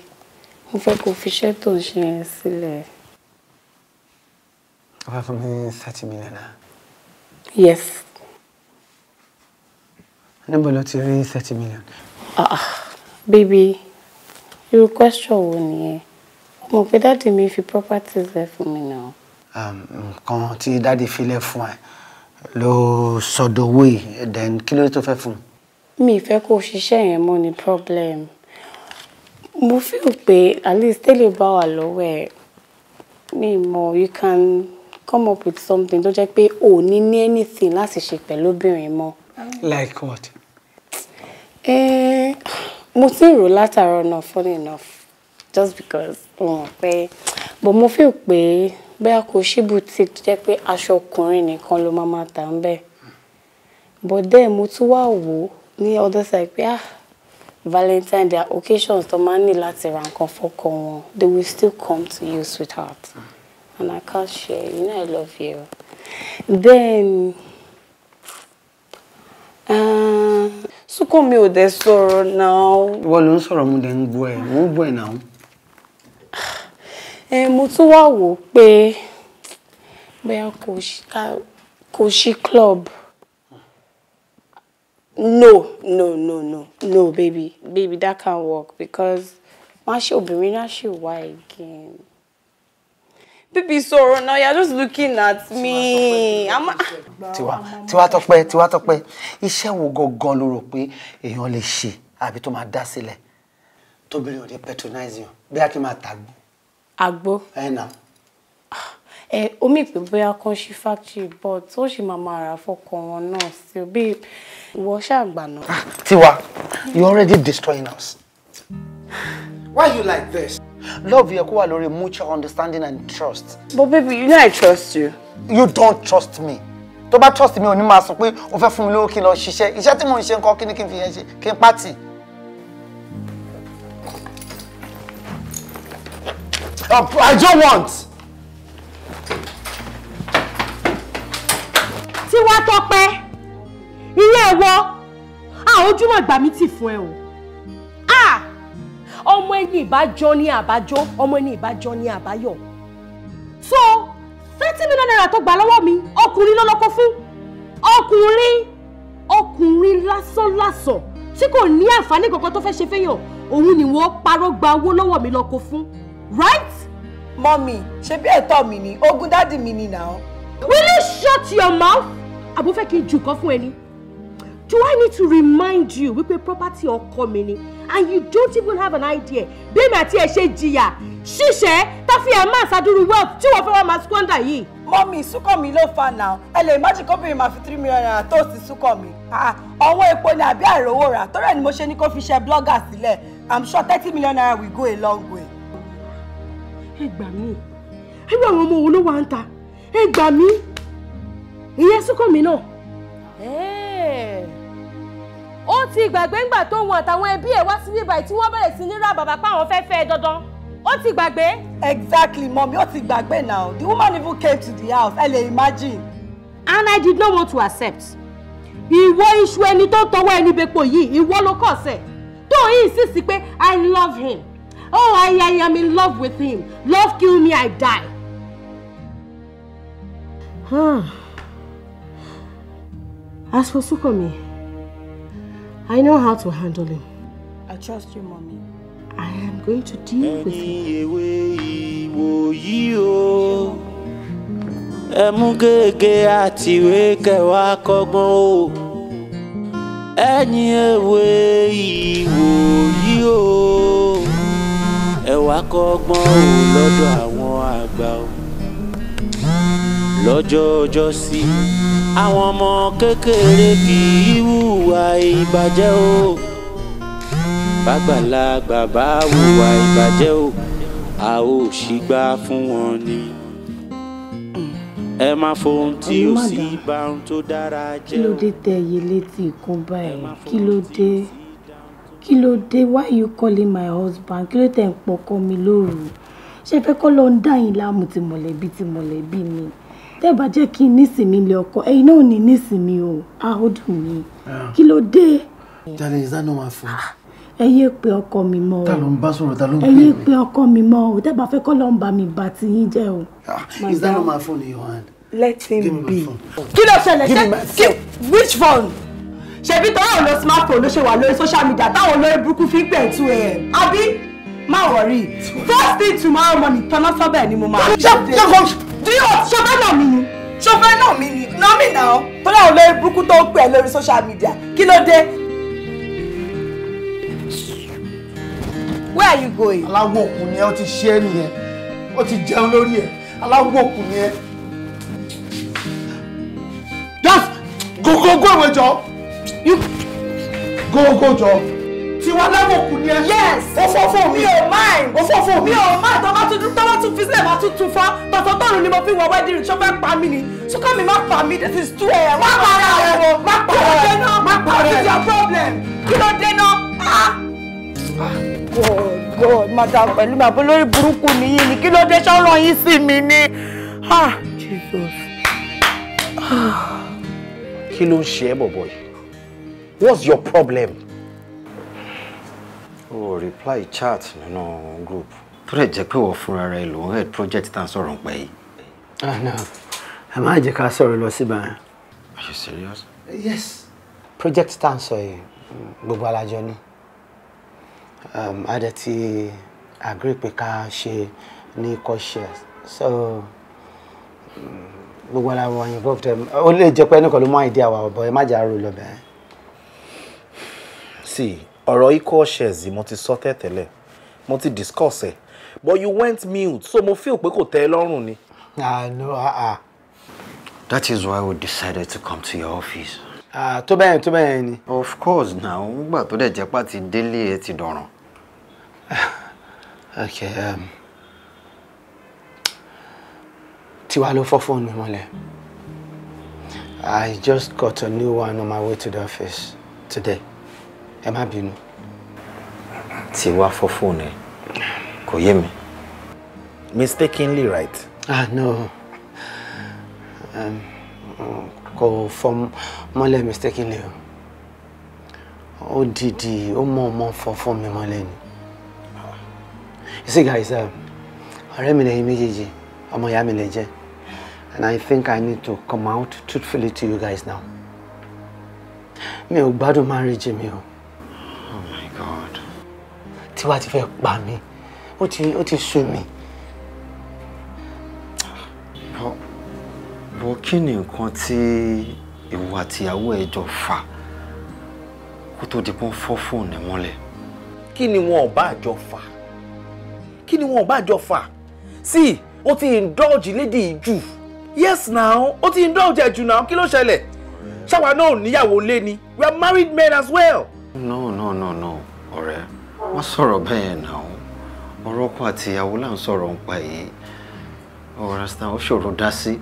mo fẹ́ kó fi iṣẹ́ tó ń ṣe yẹn sílẹ̀. ọba fún mi thirty million naira. Yes. Níbo ló ti rí thirty million? Ah ah, baby, irú question wo nìyẹn? Mo pe dáàdi mi fi properties lẹ fún mi náà. Um, nǹkan tí dáàdi filẹ̀ fún ẹ ló sọdowó yìí, then kí ló tó fẹ́ fún un? Mi ìfẹ́ kó o ṣiṣẹ́ yẹn ni problem. Mo feel pé at least tẹ́lẹ̀ bá wà lọ́wọ́ ẹ̀ mi mọ̀ you can come up with something tó jẹ́ pé ò ni ni anything láti ṣe pẹ̀lú obìnrin mọ́. like what. Eh, mo ti ń rò látàárọ̀ náà funny enough just because mo mọ̀ pé but mo feel pé bóyá kò ṣí boutique tó jẹ́ pé aṣọ ọkùnrin nìkan ló máa máa ń bẹ̀ but then mo tún wá wò ó ní other side pé ah valentine their occasions tó máa ń ní láti ra nǹkan fọ́kọ wọn they will still come to you sweetheart. Mm -hmm and I can't share. You know I love you. Then, uh, Sunkànmí ò dé sọ̀rọ̀ now. Ìwọ ló ń sọ̀rọ̀ mo dẹ̀ ń gbọ́ ẹ̀, mo ń now. Eh, mo tún wá wò ó pé bóyá kò ṣí club. No, no, no, no, no, baby, baby, that can't work because má ṣe obìnrin náà ṣì wá again. People sorrow now, you're just looking at me. Tiwa, Tiwa Tọ́pẹ́, Tiwa Tọ́pẹ́, iṣẹ́ wo gangan ló rò pé èèyàn lè ṣe àbí tó máa dá sílẹ̀? Tóbìnrin ò lè patronize yàn, bí a kì í máa tàgbó. Àgbo. Ẹ nà. Ẹ omi ìpè bóyá kan ṣí factory but ó ṣì máa máa rà fọkàn náà sí bí ìwọ ṣàgbà náà. Ah, Tiwa, you already destroying us. Why you like this? Love yẹ kó wà mutual understanding and trust. But baby, you know I trust you. You don't trust me. To bá trust mi ò ní máa sọ pé o fẹ́ fún mi lówó kí n lọ ṣiṣẹ́. Iṣẹ́ tí mò ń ṣe ń fi yẹn ṣe kí n I don't want. Tiwa Tọ́pẹ́, ilé ẹ̀wọ̀, àwọn ojúmọ̀ ìgbà mi ti fún ẹ o ọmọ ẹni ìbájọ ní àbájọ ọmọ ẹni ìbájọ ní àbáyọ. so thirty million naira tó gbà lọ́wọ́ mi ọkùnrin ló lọ́kọ́ fún ọkùnrin ọkùnrin lásánlásán tí kò ní àǹfààní kankan tó fẹ́ ṣe fẹ́yàn òun ni wọ́n parọ́ gba owó lọ́wọ́ mi lọ́kọ́ fún right. mọ́mì ṣebí ẹ̀tọ́ mi ni ogún dádì mi ni nà án. will you shut your mouth àbúfẹ́ kí n jù kan fún ẹni do I need to remind you wípé property ọkọ mi ni and you don't even have an idea bẹ́ẹ̀ mi àti ẹ̀ ṣe jìyà ṣíṣẹ́ tọ́fì ẹ̀ máa ṣàdúró wealth tí wọ́n fẹ́ wá máa squander yìí. mọ́mí ìsúkọ̀ mi ló fa náà ẹ lè má jí kóbìnrin máa fi three million naira tó sì súkọ̀ mi ah, ọwọ́ epo ni àbí àìrówó rà torí ẹ̀ ni mo ṣe ní kó fi ṣe blogger sílẹ̀ I'm sure thirty million naira will go a long way. ẹ gbà mí irú àwọn ọmọ wo ló wà ń ta ẹ gbà mí ìyẹn súkọ̀ mi náà ó ti gbàgbé ńgbà tó wọn àtàwọn ẹbí ẹ̀ wá sí bíbá tí wọ́n bẹ̀rẹ̀ sí ní ra bàbá páwọn fẹ́ fẹ́ dandan ó ti gbàgbé. exactly mọ́mí ó ti gbàgbé now the woman even came to the house I lè imagine. and i did not want to accept. ìwọ iṣu ẹni tó tọwọ́ ẹni bepo yìí ìwọ ló kọ̀ sẹ̀ tó yìí sì sí pé i love him oh I, i am in love with him love kill me i die. Huh. Hmm. as for Sukomi. I know how to handle him. I trust you, mommy. I am going to deal with him. ẹ mú gègé àtìwé kẹwàá o ẹ̀yin ewé ìwò yìí o ẹ wá kọ́gbọ́n o lọ́dọ̀ àwọn àgbà o lọ́jọ́ ọjọ́ sí. àwọn ọmọ kékeré kì í hùwà ìbàjẹ́ o bàgbàlagbà bá hùwà ìbàjẹ́ o a ò sì gbà fún wọn ni ẹ máa fohun tí ó sì bá ohun tó dára jẹ́ o. kí ló dé tẹ iye létí ikún báyìí kí ló dé kí ló dé why you calling my husband kí ló tẹ̀ ń pọkọ mi lóru ṣé fẹ́ kọ́ ló ń dá yín láàmú ti mọ̀lẹ́bí ti mọ̀lẹ́bí ni tẹ́ ẹ bá jẹ́ kí n nísìmí lé ọkọ ẹ̀yin náà ní nísìmí o àhódù mi ah. kí ló dé. jalè ìzáná máa fún ẹ yé pé ọkọ mi mọ́ o ta ló ń bá sọ̀rọ̀ ta ló ń pè mí ẹ yé pé ọkọ mi mọ́ o tẹ́ bá fẹ́ kọ́ lọ́n bá mi bá ti yín jẹ́ o. Ah, is that not my phone your hand. let him be. kí ló ṣẹlẹ̀ ṣe which phone. ṣebí tọ́lá ò lo smartphone ló ṣe wà lórí social media táwọn olórí burúkú fi ń pè two am Abi, má wọ̀rí first thing tomorrow morning tọ́lá sọ́bẹ̀ ni mo máa. ṣé ṣé kò idiot ṣọfẹ́ náà mi ni ṣọfẹ́ náà mi ni nọ́mìnà ọ́ tó dáhùn lórí burúkú tó ń pè social media kí ló where are you going. aláwọ̀ òkun ni ẹ ó ti ṣe é nìyẹn ó ti jẹun lórí ẹ aláwọ̀ òkun ni ẹ. just go go go my job. you go go job tiwa lábòkù ni ẹ. yes òfófó mi ò mind. òfófó mi ò mind tọ́wọ́ tún tọ́wọ́ tún fi sílẹ̀ máa tún tún fọ́ tọ̀tọ̀ tọ́run ni mo fi wọ wedding ring ṣọ́fẹ́ pa mí ni sọ́kà mi má pa mí this is too ẹ̀. má para rẹ má para rẹ má para rẹ what is your problem kí ló dé náà. Ah. Ah, God God madam pẹ̀lú bàbá olórí burúkú nìyí ni kí ló dé sọ́rọ̀ yín sí mi ni ah, Jesus. kí ló ń ṣe é bọ̀bọ̀ yìí what's your problem? o reply chat nínú group tó dẹ̀ jẹ́ pé wọ́n fúnra rẹ̀ ló ń head project tá à ń sọ̀rọ̀ ń pẹ́ yìí. àná ẹ má jẹ́ ká sọ̀rọ̀ lọ síbà are you serious. yes project tá à ń sọ yìí gbogbo alájọ ni um, a ti agree pé ká ṣe ní cautious so mm, gbogbo ara wọn involved dem um, ó lè jẹ́ pé ẹnìkan ló mú àìdí àwa ọ̀bọ ẹ má jà rò lọ bẹ́ẹ̀. see ọ̀rọ̀ equal shares mo ti sọ tẹ́tẹ́lẹ̀ mo ti discuss ẹ̀ but you went mute so mo feel pé kò tẹ́ ẹ lọ́rùn ni. ah no ah ah. that is why we decided to come to your office. ah tó bẹ́ẹ̀ tó bẹ́ẹ̀ ni. of course na ngbà tó dẹ̀ jẹ́ pàtí délé ẹ ti dọ̀ràn. okay um, tiwa ló fọ́ fóònù mọ́lẹ̀. I just got a new one on my way to the office today ẹ má bínú. tí wàá fọ́ fóònù ẹ kò yé mi mistakenly right. ah no Um, kò fọ́ mọ́lẹ̀ mistakenly o ó dìdì ó mọ̀ ọmọ fọ́ fún mi mọ́lẹ̀ ni you see guys um, ọ̀rẹ́ mi lẹ́yìn méjèèjì ọmọ ìyá mi lè jẹ́ and I think I need to come out truthfully to you guys now mi ò gbádùn marriage mi o tiwa ti fẹ́ pa mí ó ti ó ti sú mi. bọ́ bọ́ kí ni nǹkan tí ìwọ àtìyàwó ẹ jọ fà kó tó di pọ́n fọ́ fóònù ẹ mọ́lẹ̀. kí ni wọn ò àjọ fà kí ni wọn ò àjọ fà sí ó ti indulge lady jù yes now ó ti indulge ẹ jù now kí ló ṣẹlẹ̀ ṣáwa náà níyàwó lé ni we are married men as well. no no no no ọ̀rẹ́. Right wọ́n sọ̀rọ̀ bẹ́ẹ̀ náà ọ̀rọ̀ àti ìyàwó là ń sọ̀rọ̀ ń pa ọ̀rọ̀ oh, ó ṣòro dá sí.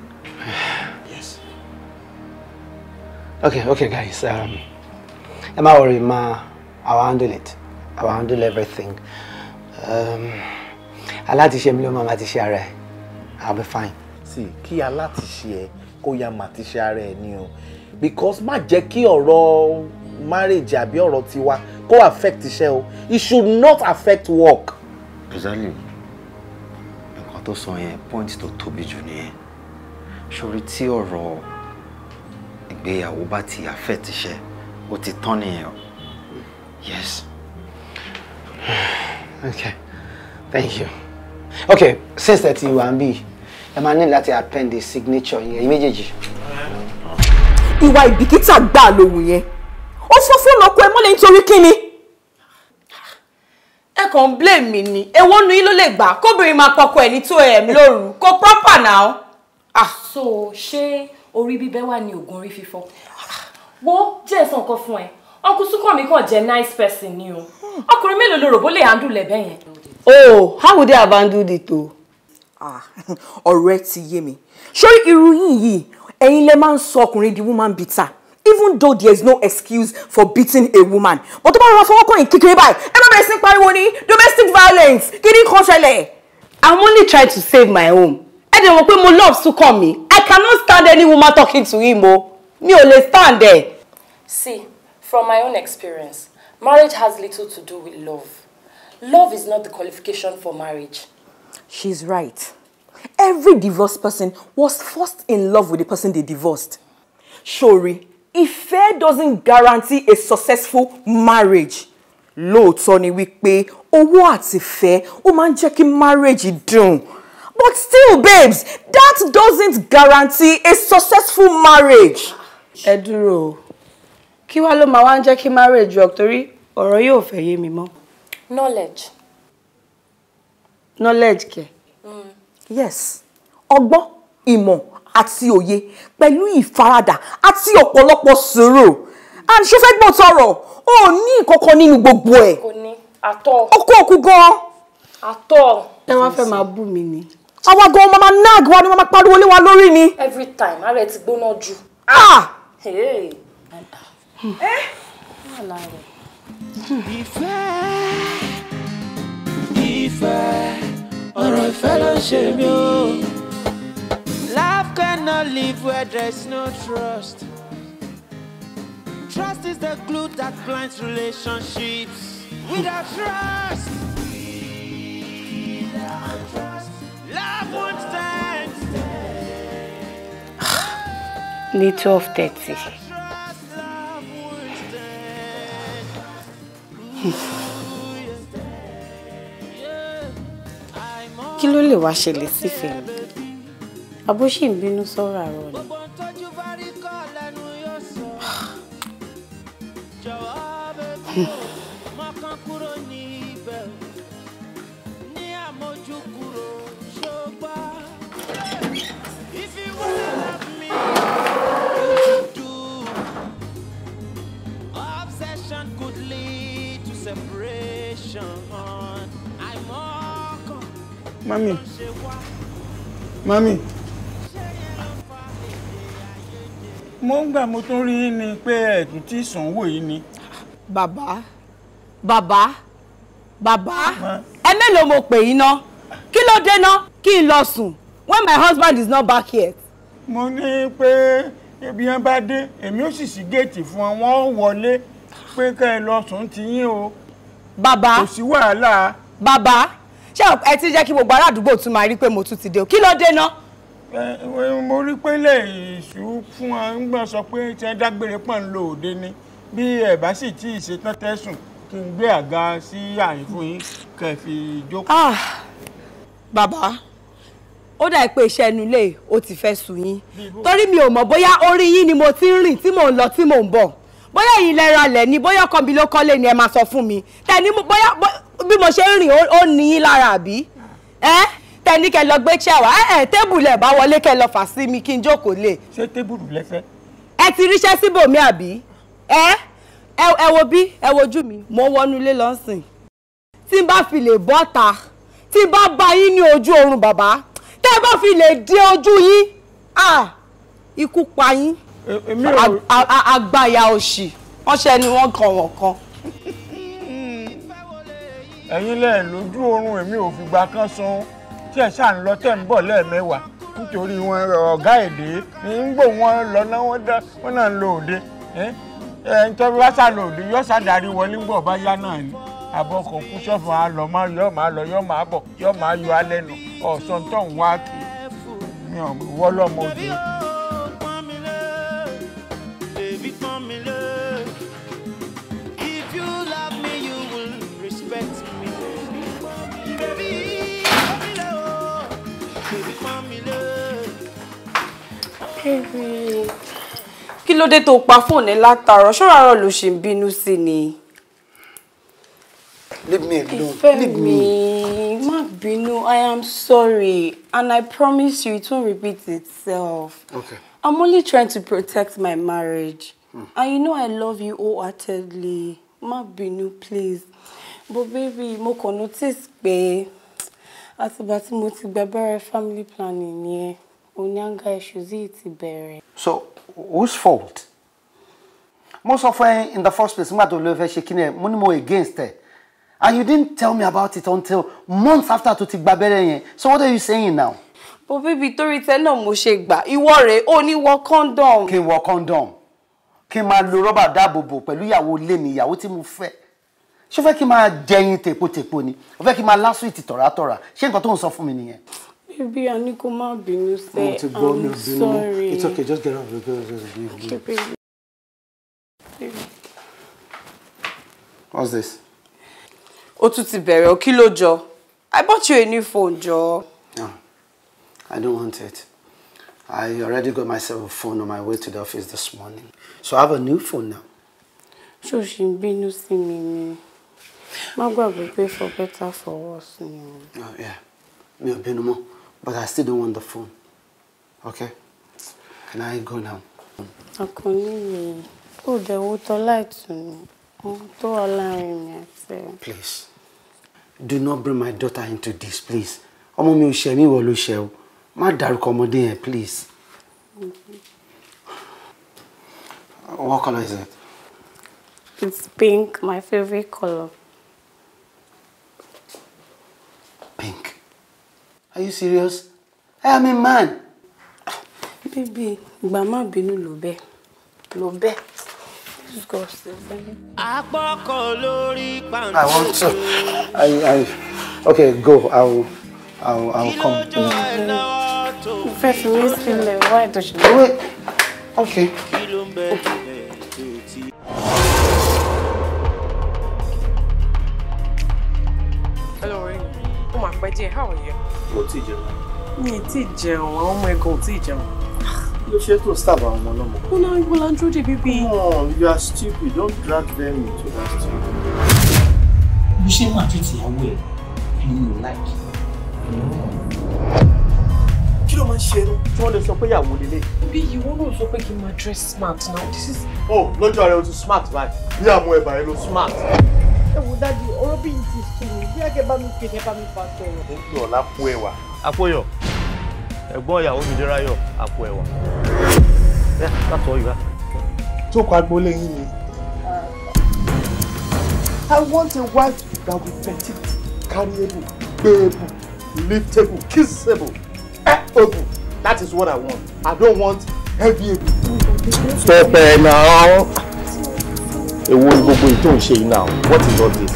okay okay guys um, ẹ má worry ma i will handle it i will handle everything um, aláàtìṣe mi ló máa ti ṣe ara ẹ i will be fine. sí kí aláàtìṣe ẹ kó ya máa ti ṣe ara ẹ ní o because má jẹ́ kí ọ̀rọ̀ marriage àbí ọ̀rọ̀ tiwa. Go affect the o it should not affect work. exactly nǹkan tó sọ yẹn point tó tóbi jù nìyẹn sórí tí ọ̀rọ̀ ìgbéyàwó bá ti affect iṣẹ́ ó ti tán nìyẹn o yes okay thank you okay since that you are me ẹ máa ní láti append the signature yẹn méjèèjì. ìwà ìbìkítà gbà lòun yẹn ó fọ́ fóònù ọkọ ẹ mọ́lẹ̀ nítorí kíni. ẹ kàn ń blame mi ni èwo nu yín ló lè gbà kóbìnrin máa pọkọ ẹ̀ ní tó ẹ̀ lóru kó proper now. Ah. so ṣé orí bíbẹ́ wà ní oògùn orí fífọ́ wo jẹ́ ẹ̀sán kan fún ẹ uncle Sukanmi kàn jẹ́ nice person ni o ọkùnrin mélòó lo ròbó lè handle ẹ̀ yẹn. oh how would they have handled it o. Ah, ọ̀rọ̀ ẹ ti yé mi sórí irú yìnyín ẹ̀yin lẹ máa ń sọ ọkùnrin di woman bitter even though there is no excuse for beating a woman but the bá was fọwọ́ kàn yín kékeré by. ẹ má bẹ̀rẹ̀ sí domestic violence kí ni kàn i'm only trying to save my home I don't want my love to kàn me. i cannot stand any woman talking to him o mi ò stand there. see from my own experience marriage has little to do with love love is not the qualification for marriage. she's right every divorced person was first in love with the person they divorced. Shori If ìfẹ́ doesn't guarantee a successful marriage lóòótọ́ ni wípé owó àtìfẹ́ ó máa ń jẹ́ kí marriage dùn but still babes that doesn't guarantee a successful marriage. ẹ dúró o kí wàá ló máa wá ń jẹ́ kí marriage work torí ọ̀rọ̀ yóò fẹ́ yé mi mọ́. knowledge. knowledge kẹ. Mm. yes ọgbọ́n ìmọ̀ àti òye pẹ̀lú ìfaradà àti ọ̀pọ̀lọpọ̀ sùúrù and ṣó fẹ́ gbọ́ tọrọ ò ní ìkọ̀kọ̀ nínú gbogbo ẹ̀ ọkọ òkú gan. àtọ. ẹ wá fẹ́ máa bù mí ni. àwa gan mama nag wa ni mama pariwo lé wa lórí ni. every time ara ẹ ti gbóná jù. Ah! Ah! ìfẹ́ ìfẹ́ ọ̀rọ̀ ìfẹ́ ló ń ṣe mí o cannot live where there's no trust. Trust is the glue that blinds relationships. Without trust, without trust, love won't stand. Ní twelve thirty. Kí ló lè wá ṣẹlẹ̀ sífẹ̀ẹ́ mi? abó ṣì ń bínú sọ̀rọ̀ àárọ̀ ni. Mami. Mami. mo ń gbà mo tún rí ni pé ẹ̀tún tí ìsanwó yìí ni. bàbá bàbá bàbá ẹ mélòó mo pè yín ná kí ló dé ná kí n lọ sùn when my husband is not back yet. mo ní pé ebi yẹn bá dé èmi ò sì sí géètì fún wọn wọn ò wọlé pé ká ẹ lọ sùn ti yín o. bàbá kò sí wàhálà. bàbá ṣé ẹ ti jẹ́ kí gbogbo ará àdúgbò tún máa rí pé mo tún ti dé o kí ló dé ná. Eh, mo rí pé ilé ìṣú fún wa ń gbọ́n sọ pé tí wọ́n dágbére pọ̀ ń lo òde ni bí ẹ̀ bá sì tí ì ṣetán tẹ̀sùn kí n gbé àga sí àyìn fún yín kẹfì jókòó. Ah, bàbá ó dà pé iṣẹ́ inú ilé ó ti fẹ́ sùn yín torí mi ò mọ̀ bóyá orí yín ni mo ti ń rìn tí mò ń lọ tí mò ń bọ̀ bóyá ẹ̀yin lẹ́ra lẹ̀ ni bóyá ọkàn mi ló kọ́lé ni ẹ máa sọ fún mi tẹ̀ ní bóyá bí mo ṣe ń rìn ó ní yín lára àbí tẹni kẹ lọ gbé chair wá ẹ tébù lẹ bá wọlé kẹ lọ fà sí mi kí n jókòó lè. ṣé tébù lẹ fẹ́. ẹ ti ríṣẹ́ síbòmí àbí ẹ ẹ wo bí ẹ wojú mi mo wọnú ilé lọ́sìn tí n bá fi lè bọ́ ta tí n bá bá yín ní ojú oorun bàbá tẹ́ ẹ bá fi lè dé ojú yín ikú pa yín àgbàyà e, òṣì wọ́n ṣe ni wọ́n kàn wọ́n kan. ẹ̀yin lẹ́ẹ̀ lójú oorun èmi ò fìgbà kan sun. tí ẹ̀ ṣáà ń lọ tẹ̀ ń bọ̀ lẹ́ẹ̀mẹ́wàá nítorí wọn ọ̀gá èdè ń wọn lọ náà wọn náà ń lo òde ẹ ń tọ́jú wá sá lo òde yóò ṣàdarí wọlé yá náà ni yọ má lọ yọ má bọ̀ yọ má yọ alẹ́ nu ló dé tó pa fóònù látàárọ̀ ṣọ́ra rọ̀ ló ṣe ń bínú sí ni. me alone leave me. ìfẹ́ mi má bínú i am sorry and i promise you it won't repeat itself. okay. i'm only trying to protect my marriage mm. and you know i love you wholeheartedly má bínú please but baby mo kàn notice pé àtìgbà tí mo ti gbàgbẹ́rẹ́ family planning yẹn oníyànga issues yìí ti bẹ̀rẹ̀. so whose fault Most sọ fún in the first place nígbà tó lóye fẹ́ mo against ẹ and you didn't tell me about it until months after to ti gba abẹ́rẹ́ so what are you saying now. But bíbi torí tẹ náà mo ṣe gbà ìwọ rèé ó ní wọ condom. kí n wọ condom kí n máa lo rọ́bà dáàbòbò pẹ̀lú ìyàwó ilé mi ìyàwó tí mo fẹ́ ṣé o ni o fẹ́ kí last máa lásù tora. tọ̀ràtọ̀rà ṣé nǹkan tó ń sọ fún mi Baby, I need to come bínú say oh, I'm sorry. It's okay, just get out of the girl. Okay, baby. baby. What's this? Ó tún ti bẹ̀rẹ̀, o kí I bought you a new phone, Joe. No, I don't want it. I already got myself a phone on my way to the office this morning. So I have a new phone now. So she ń bínú me. mi ni. Má gbàgbé for better for worse ni Oh, yeah. Mi ò no more. But I still don't want the phone. Okay? Can I go now? Akunile, o de wo to light ni. O to Please. Do not bring my daughter into this, please. Omo mi ò ṣe mí, ìwọ ló ṣe o. Má dárúkọ ọmọdé please. What color is it? It's pink, my favorite color. Pink. Are you serious? I am a man. Baby, mama, má bínú ló bẹ́ẹ̀. Ló bẹ́ẹ̀. Apọ́kọ̀ lórí I want to. I, I, okay, go. I will, I will, I will come. Mo fẹ́ fi mí why wá ètò ìṣẹ̀lẹ̀. Wait, okay. okay. Hello, Ring. Oh, my buddy, how are you? kò tí ì jẹun. mi ì tí ì jẹun àwọn ọmọ ẹ̀gàn ò tí ì jẹun. ló ṣe tó sábà ọmọ ọlọ́mọ. ó náà ibo la ń dúró de bíbí. come on you are stupid don't drag them into that stupid. bí ṣe máa tún tìyàwó ẹ ni mo like. kí ló máa ń ṣe ẹnu tí wọ́n lè sọ pé ìyàwó lélẹ̀. bí ìwọ náà sọ pé kí n máa dress smart now this is. oh lọ́jọ́ rẹ̀ o ti smart báyìí bí àmú ẹ̀bà rẹ̀ ló smart ẹ wò dájú ọ̀rọ̀ bíi ti sùn bí ẹ kẹ bá mi pè kẹ bá mi bá sọ̀rọ̀. ó ń pè ọ́ àpòyọ ẹ̀gbọ́n ìyàwó mi dérayọ àpò ẹ̀wà. ẹ látọ̀ ìwà. tó agboolé yín ni. I want a wife that will petite, carryable, bearable, liftable, kissable, equable. That is what I want. I don't want heavy. Stop it now èwo ni gbogbo èyí tó ń ṣe yìí what is all this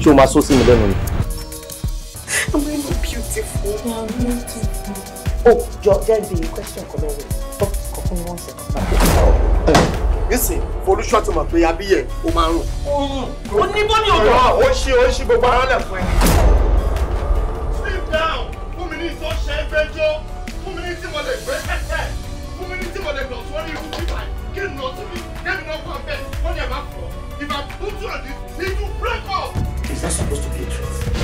ṣé o máa sọ sí mi lẹ́nu ni. am I not beautiful. you are beautiful. oh jọ jẹ́ bí question kan lọ́wọ́ ọ̀ kọ̀ fún mi one second nísìn folúṣọ́ ti mọ̀ pé abíyẹ̀ ó máa ń rùn. Mm, ó ní bọ́ ní ọ̀dọ́. ó ń ṣe ó ṣe gbogbo ara lẹ̀ fún ẹni. sleep down fún mi ní tó ṣe é gbẹjọ́ fún mi ní tí mo lè gbé kẹ́kẹ́ fún mi ní tí mo lè lọ sórí ìlú bíbá kí n lọ síbi kí n lọ fún abẹ́ wọ́n yẹ máa pọ̀. If I put you on this, he will break up. Is that supposed to be a threat?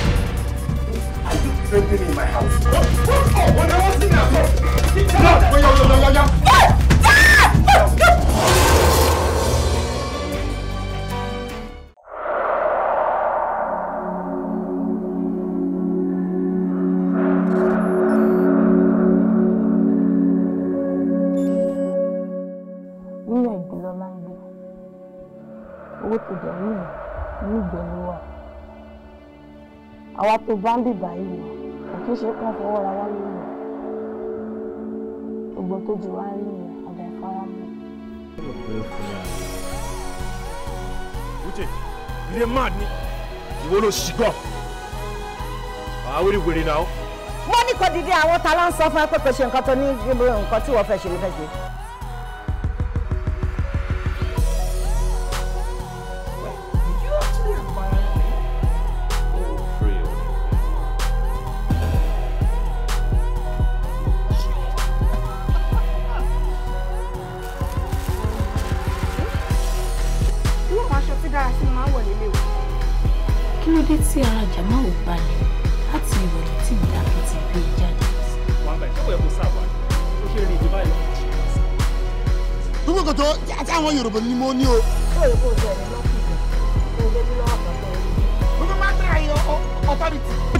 Are you threatening me in my house? Oh, oh, oh, when I was in there, oh. no. No, no, no, no, no, no. Ah! Ah! Ah! ìlú ìgbẹ̀rù wa àwa tó bá ń bìbà yìí kò kí ṣe kán fọwọ́ ra wá lónìí gbogbo tó jù wá rí ni àdá ìfaramọ́. Uche, ilé máa ní ìwọ ló ṣì gbọ́. Àá wíri wèrè náà. Mo ní kò dìde àwọn ta ló ń sọ fún ẹ pé kò ṣe nǹkan tó ní nǹkan tí wọ́n fẹ́ ṣe ló fẹ́ ṣe. dé tí ara jàmá ò balẹ̀ láti ìrọ̀lẹ́ tí mi àfi ti gbé e jáde. gbogbo kòtò tí àwọn Yorùbá ni mo ní o. ó yẹ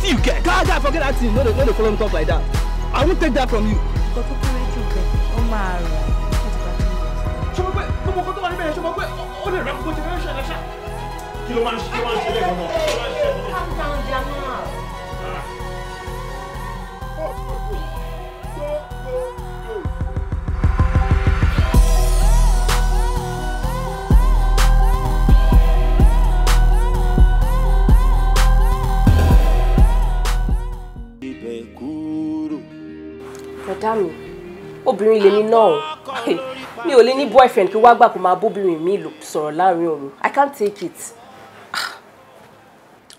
you get? God, guy, forget that thing. No dey no dey follow me talk like that. I won't take that from you. Nǹkan tó kéré jù kí ló máa ń ṣe kí ló máa ń ṣe lẹ́gbọ̀n náà kí calm down Jamal. bọ̀dá obìnrin lèmi náà mi ò lè ní boyfriend kí wá gbà kó máa bóbìnrin mi sọ̀rọ̀ láàrin òru I can't take it.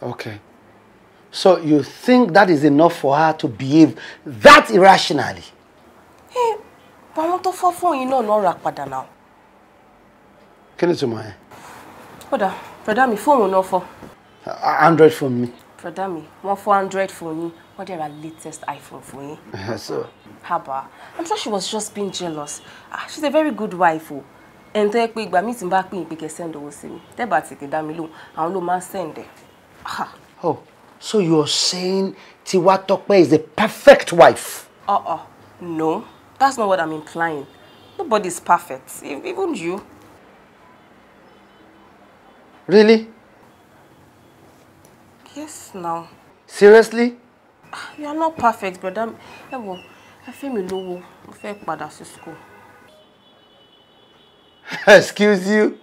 Okay. So you think that is enough for her to behave that irrationally? Eh, àwọn tó fọ́ you yín No, náà now. Can you Kí ni ìtumọ̀ ẹ̀? Kódà, brọ̀dá mi fóònù náà fọ́. Android phone me. Brọ̀dá me wọ́n fọ́ Android phone yín, wọ́n dẹ̀ latest iPhone for yín. So. Haba, I'm sure she was just being jealous. Ah, she's a very good wife o. Ẹni tó yẹ pé ìgbà back tí n send owó sí mi, tẹ́bà tètè dá mi lóhùn, àwọn ló send it. Oh, so you're saying Tiwa Tope is the perfect wife? Uh-uh. No, that's not what I'm implying. Nobody's perfect, e-, even you. Really? Yes, now. Seriously? Ah, you are not perfect, brother. I feel me mi I feel bad padà sí school. Excuse you?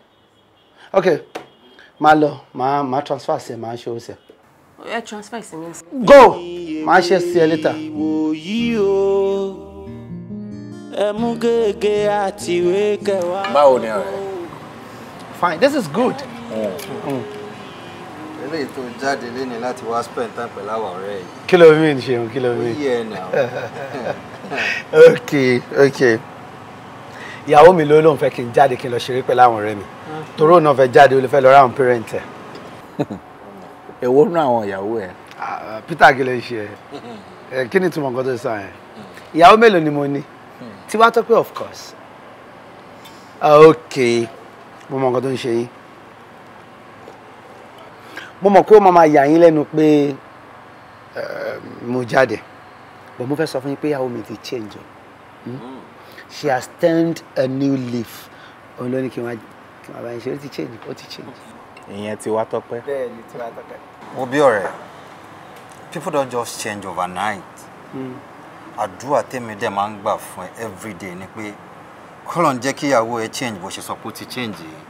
Okay, máa lọ máa máa transfer sí ẹ máa ṣe oṣù ẹ. ẹ transfer sí mi. go máa ṣe sí ẹ later. ìwòyí o ẹ mú gègé àti ìwé kẹwàá. báwo ni ọ̀rẹ́. fine this is good. Mm. Mm. eléyìí tó jáde léni láti wá spend time pẹ̀lú àwọn ọ̀rẹ́ yìí. kí ló mean ṣeun kí ló mean. ó yẹ okay okay ìyàwó mi ló lóun fẹ́ kí n jáde kí n lọ ṣeré pẹ̀lú àwọn ọ̀rẹ́ mi torí òun náà fẹ́ jáde ó lè fẹ́ lọ rá àwọn parent ẹ̀. èwo nú àwọn ìyàwó ẹ. Peter kí ló ń ṣe ẹ kí ni túmọ̀ nǹkan tó sọ ìyàwó mélòó ni mo ní tí wàá tọ́ of course ok mo mọ nǹkan tó ń ṣe yín mo mọ̀ pé ó máa yà yín lẹ́nu pé eh, mo jáde but mo fẹ́ sọ fún yín pé ìyàwó mi ti change she has turned a new leaf òun ló ní kí n wá kí n wá báyìí ṣe ó ti change ó ti change. ìyẹn ti wá tọpẹ. bẹ́ẹ̀ni ti wá tọpẹ. wo bí ọ̀rẹ́ people don just change overnight. Hmm. àdúrà tèmi dẹ̀ máa ń gbà fún ẹ everyday ni pé kọ́lọ̀n jẹ́ kí ìyàwó ẹ change bó ṣe sọ pé ó ti change yìí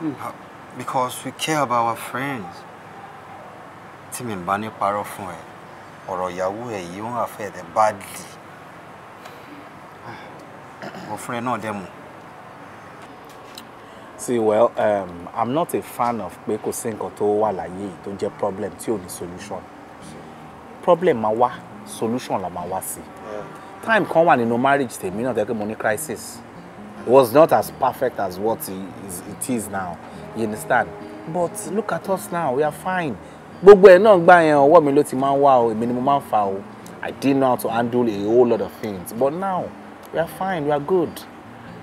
hmm. ah, because we care about our friends tí mi bá ní parọ́ fún ẹ ọ̀rọ̀ ìyàwó ẹ yìí ń affect ẹ badly. Girlfriend, not them. See, well, um, I'm not a fan of pé kò or nǹkan tó wà láyé tó jẹ́ problem tí ò solution. Problem máa solution la máa wá sí. Time kan wà no marriage tèmi náà tẹ́ pé money crisis. It was not as perfect as what it is, now. You understand? But look at us now, we are fine. But we're not buying what ọwọ́ mi ló ti máa ń I didn't know how to handle a whole lot of things, but now we are fine we are good.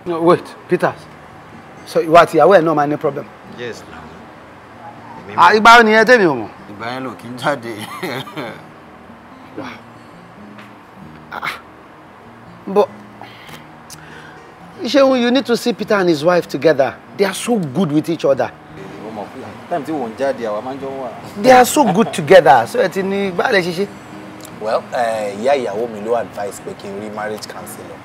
no wait Peter. so ìwà àtìyàwó ẹ̀ No máa no problem. yes na. Ah, ìgbà ni ẹ tẹ̀mí o mọ̀. ìgbà yẹn ló kí n but Seun you need to see Peter and his wife together they are so good with each other. they are so good together so ẹ ti ní báàlẹ̀ ṣiṣẹ́. well eh, ìyá ìyàwó mi ló advice pé remarriage counselor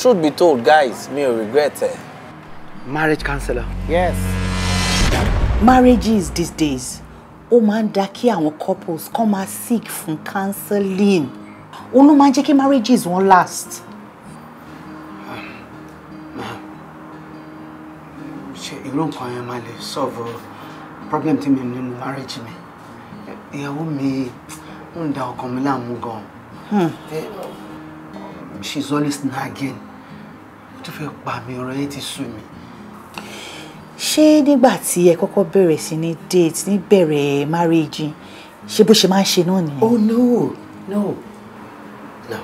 truth be told guys me ò regret ẹ. marriage counselor. yes. marriages these days woman máa ń dá couples come and seek fún counseling òun ló máa marriages won't last. Ma'am, she nǹkan kwa máa mali solve problem tí mi nínú marriage mi ìyàwó mi unda da ọkàn mi láàmú gan hmm. eh, she's always nagging tó fẹ́ pa mi ọ̀rọ̀ yẹn ti sú mi. ṣé nígbà tí ẹ kọ́kọ́ bẹ̀rẹ̀ sí ní date níbẹ̀rẹ̀ marriage ṣé bó ṣe máa ń ṣe náà nìyẹn. oh no no no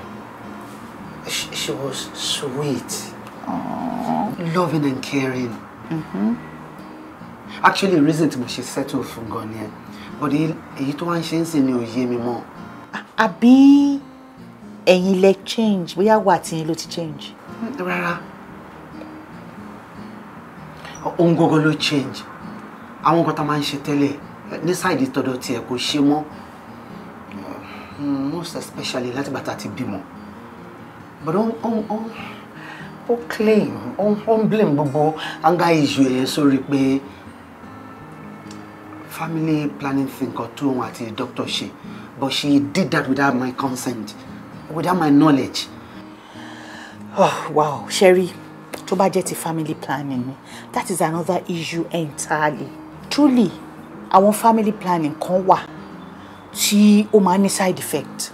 she, she was sweet loving and caring. Mm-hmm. actually reason tí mo ṣe settle fún gan nìyẹn but èyí tó wá ń ṣe ń sìn ni ò yé mi mọ́. àbí ẹ̀yin lẹ change bóyá wà tí yín ló ti change rárá ohun gangan ló change àwọn nǹkan tá a máa ń ṣe tẹ́lẹ̀ eh, ní sáìdì tọ̀dọ̀ tiẹ̀ kò ṣe mọ́ hmm, most especially láti bàtà ti bímọ but ó ó ó ó claim ó ó blame gbogbo anger issue ẹ̀ sórí pé family planning thing kan tó òun àti doctor ṣe but she did that without my consent without my knowledge oh wow sherry to bá jẹ́ family planning that is another issue entirely truly our family planning kan wà tí ó máa side effect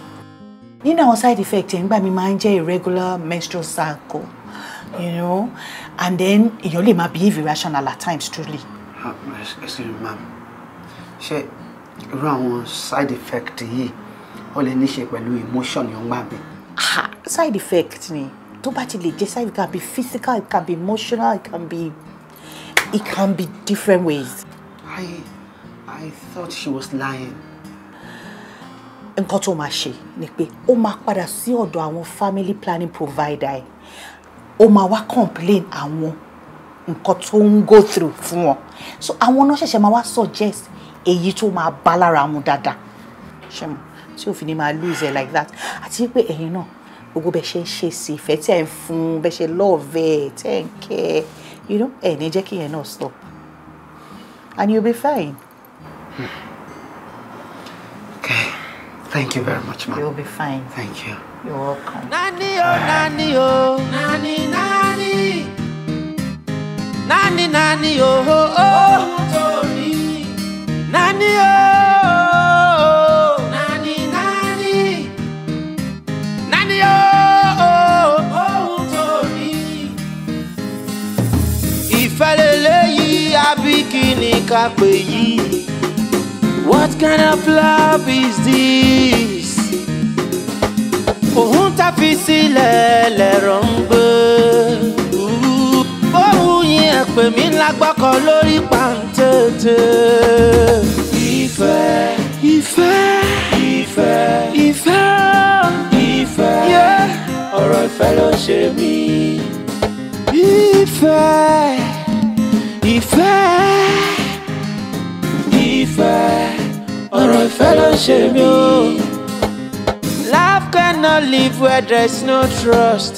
nínú àwọn side effect yẹn nígbà mi máa ń jẹ́ irregular menstrual cycle you know and then you only might behave irrational at times truly. excuse me ma'am ṣe around side effect yìí ó lè ní í ṣe emotion yóò gbà mí. side effect ni tó bá ti lè jẹ́ sáyé it can be physical it can be emotional it can be it can be different ways. I I thought she was lying. nǹkan tó máa ṣe ni pé ó máa padà sí ọ̀dọ̀ àwọn family planning provider ẹ̀ ó máa wá complain àwọn nǹkan tó ń go through fún wọn so àwọn náà ṣẹ̀ṣẹ̀ máa wá suggest èyí tó máa bá lára mu dáadáa ṣe mọ̀ tí òfin ni máa lose ẹ̀ like that àti pé ẹ̀yin náà gbogbo bẹ́ẹ̀ ṣe ń ṣe sí ìfẹ́ tẹ̀ ń fún bẹ́ẹ̀ ṣe lọ́ọ̀vẹ́ tẹ̀ ń kẹ́ you know ẹ̀ ní jẹ́ kí yẹn náà stop and you'll be fine. okay thank you very much ma. you'll be fine. thank you. you're welcome. nani o nani o nani nani nani nani o o oh, o oh. nani o. ká yìí. What kind of love is this? Ohun tá fi sílẹ̀ lẹ̀rọ ń gbé. Bóun yẹn pè mí lágbọ́kọ̀ lórí pàǹtẹ̀tẹ̀. Ìfẹ́. Ìfẹ́. Ìfẹ́. Ìfẹ́. Ìfẹ́. Ọ̀rọ̀ ìfẹ́ ló ṣe mí. Ìfẹ́. Ìfẹ́ ìfẹ́ ọ̀rọ̀ ìfẹ́ ló ń ṣe mí o. Love cannot live where there is no trust.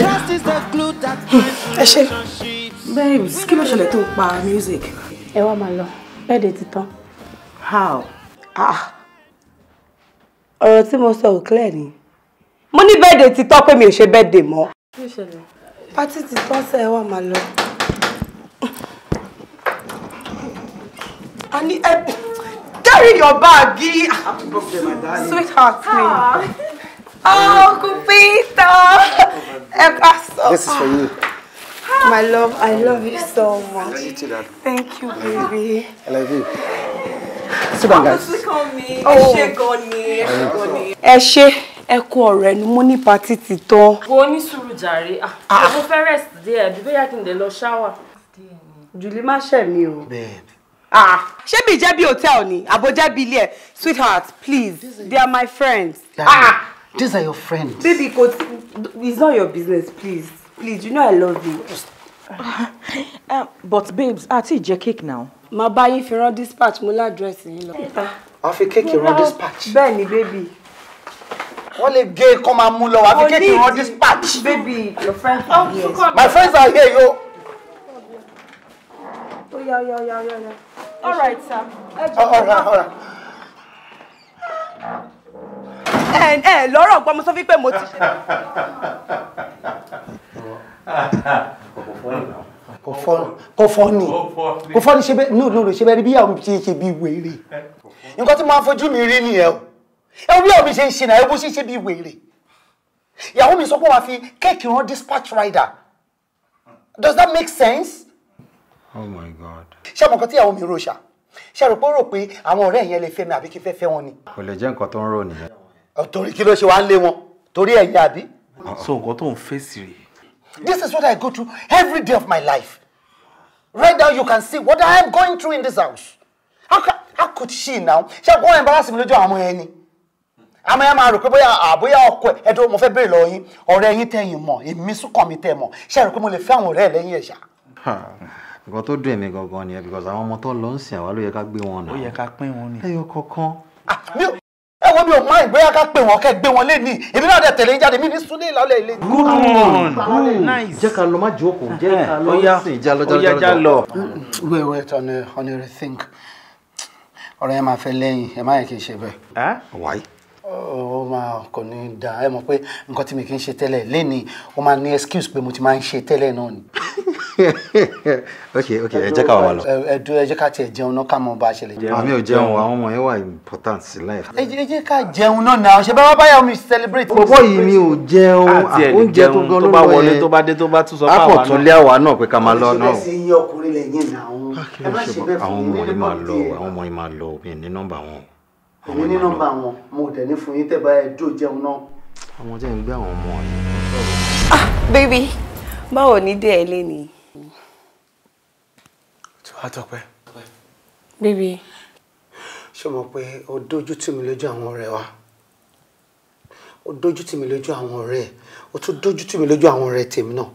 Trust is the glue that binds hmm. relationships. Babes, kí ló ṣẹlẹ̀ tó pa music? Ẹ wá máa lọ, bẹ́ẹ̀dì ti tán. How? Ah, ọ̀rọ̀ tí mo sọ ò clear ni. Mo ní bẹ́ẹ̀dì ti tán pé mi ò ṣe bẹ́ẹ̀dì mọ́. Pátí ti tán sẹ́ ẹ wá máa lọ. I need help. Eh, carry your bag. Happy birthday, my darling. Sweetheart, ah. me. Oh, Cupita. Eh, ah, This is for you. Ah. My love, I love you so much. I love you too, Thank you, baby. I love you. Sit down, guys. Oh, ẹ ṣé gan ni. Ẹ ṣé ẹ kú ọ̀rẹ́ ni mo ní pàtí ti tán. Wo ní sùúrù jàre. Mo fẹ́ rest díẹ̀ bí bóyá kí n lè lọ ṣáwà. Jùlí má ṣẹ̀ mi o. Bẹ́ẹ̀ ah she be jẹ́ hotel ni àbò jẹ́ bí sweetheart please they are my friends. ah these are your friends. baby ko it's not your business please please you know i love you. um, but babes àti ìjẹ cake now. màá bá yín fi rán dispatch mo ládírẹ́sì yín lọ. wàá fi kéèkì rán dispatch. bẹ́ẹ̀ ni baby wọ́n lè gé kọ́ máa mú lọ wá you kéèkì this patch. baby your friends are oh, here. my friends are here yo. Oh, all right sir. Oh, all right all right. ẹ ẹ lọ́rọ̀ gbọ́ mo sọ fí pé mo ti ṣe. kò fọ́ kò fọ́ ni kò fọ́ ni ṣe bẹ́ẹ̀ ní òdòdó ṣe bẹ́ẹ̀ rí bí àwọn ṣe ṣe bí wèrè nǹkan tí mo máa fojú mi rí nìyẹn o ẹ bí àwọn ṣe ń ṣe náà ẹ bó ṣe ṣe bí wèrè ìyàwó mi sọ pé wàá fi kéèkì rán dispatch rider does that make sense? oh my god. ṣé àwọn nǹkan tí àwọn mi rò ṣá ṣé àròpọ̀ rò pé àwọn ọ̀rẹ́ yẹn lè fẹ́ mi àbí kí fẹ́ fẹ́ wọn ni. kò lè jẹ́ nǹkan tó ń rò nìyẹn. torí kí ló ṣe wá ń lé wọn torí ẹ̀yin àbí. Uh-uh. so nǹkan tó ń fẹ́ sí rèé. This is what I go through every day of my life. Right now, you can see what I am going through in this house. How, ca- how could she now? Ṣé kò embarrass mi lójú àwọn ẹni? Àmọ́ ẹ máa rò pé bóyá àbóyá ọkọ ẹ̀ ẹ̀dọ́ mo fẹ́ béèrè lọ yín ọ̀rẹ́ yín tẹ̀yìn mọ̀ èmi sùkọ̀ mi tẹ̀ mọ̀ ṣé ẹ rò pé mo lè fẹ́ àwọn ọ̀rẹ́ ẹ̀ lẹ́yìn ẹ̀ṣà? nǹkan tó dùn èmi gangan nìyẹn because àwọn ọmọ tó ń lọ ń sìn àwa ló yẹ ká gbé wọn náà. ó yẹ ká pín wọn ni. ẹyọ kankan. Ah, ẹ wo mi ò máa ìgbéyà ká pè wọn kẹ gbé wọn lé ní èmi náà dẹ tẹ̀lé ń jáde mi ní Sunday. ìlọlẹ ilé. good good jẹ́ ká lọ má jókòó jẹ́ eh, ká lọ ń sìn já lọ já lọ já lọ. wait wait on a on a rethink ọ̀rọ̀ yẹn máa fẹ́ lẹ́yìn ẹ má yẹ kí n ṣe bẹ́ẹ̀. why ó máa kò ní da ẹ mọ̀ pé nǹkan tí mi kì í ṣe tẹ́lẹ̀ lénìí ó máa ní excuse pé mo ti máa ń ṣe tẹ́lẹ̀ náà ni. Okay, okay. ẹ jẹ́ ká wà lọ. ẹ dúró ẹ jẹ́ ká tiẹ̀ jẹun náà ká mọ bá a ṣe lè àmì ò jẹun àwọn ọmọ yẹn wà important sí life. ẹ jẹ́ ká jẹun náà náà ṣe bá wá báyà omi celebrate. bọ́bọ́ yìí mi ò jẹun oúnjẹ tó gan ló bá wọlé tó bá dé tó bá tún sọ fáwa náà. apọ̀ tún lé àwa náà pé ká máa lọ náà. àwọn ọmọ yìí máa lọ àwọn ọmọ yìí máa lọ mi ní nọ́mbà wọn. èmi ní nọ́mbà wọn mo tẹ̀ ní fún yín tẹ́ bá ẹ ah baby báwo ni dé ẹ ni. Àtọ̀pẹ́. Bébí. Ṣé o mọ̀ pé o dójú tì mí lójú àwọn ọ̀rẹ́ wa? O dójú tì mí lójú àwọn ọ̀rẹ́ ẹ̀. O tún dójú tì mí lójú àwọn ọ̀rẹ́ tèmi náà.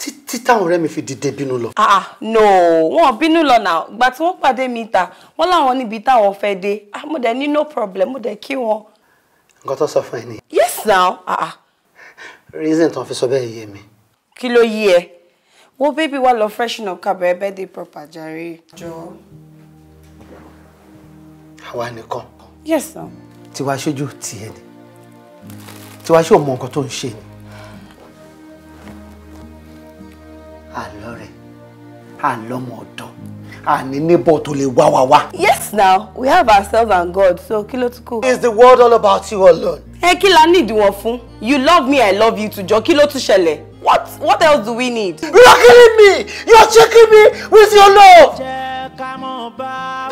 Títí táwọn ọ̀rẹ́ mi fi dìde bínú lọ. Ah, ah no, wọn bínú lọ náà. Ìgbà tí wọ́n pàdé mi ta, wọ́n láwọn níbi táwọn fẹ́ dé. Ah mo dẹ̀ ní no problem, mo dẹ̀ kí wọn. Nǹkan tó sọ fún ẹ ni. Yes now. Ah ah. Reason tó ń fi sọ bẹ́ẹ̀ yé mi. Kí ló yé ẹ? wo baby wa lọ freshen up ká bẹ̀rẹ̀ birthday proper jàre. jọ̀ọ́. àwa nìkan. yes sir. tiwa ṣojú tiẹ̀ ni tiwa ṣe ò mọ nǹkan tó ń ṣe ni. àlọ́ rẹ̀ àlọ́mọ ọ̀dọ́ àní neighbor tó lè wá wá wá. yes now we have ourselves and God so kilo ló tún is the world all about you alone. ẹ kí la ní ìdíwọ̀n you love me i love you too jọ kilo ló tún What what else do we need? You are killing me! You are checking me with your love!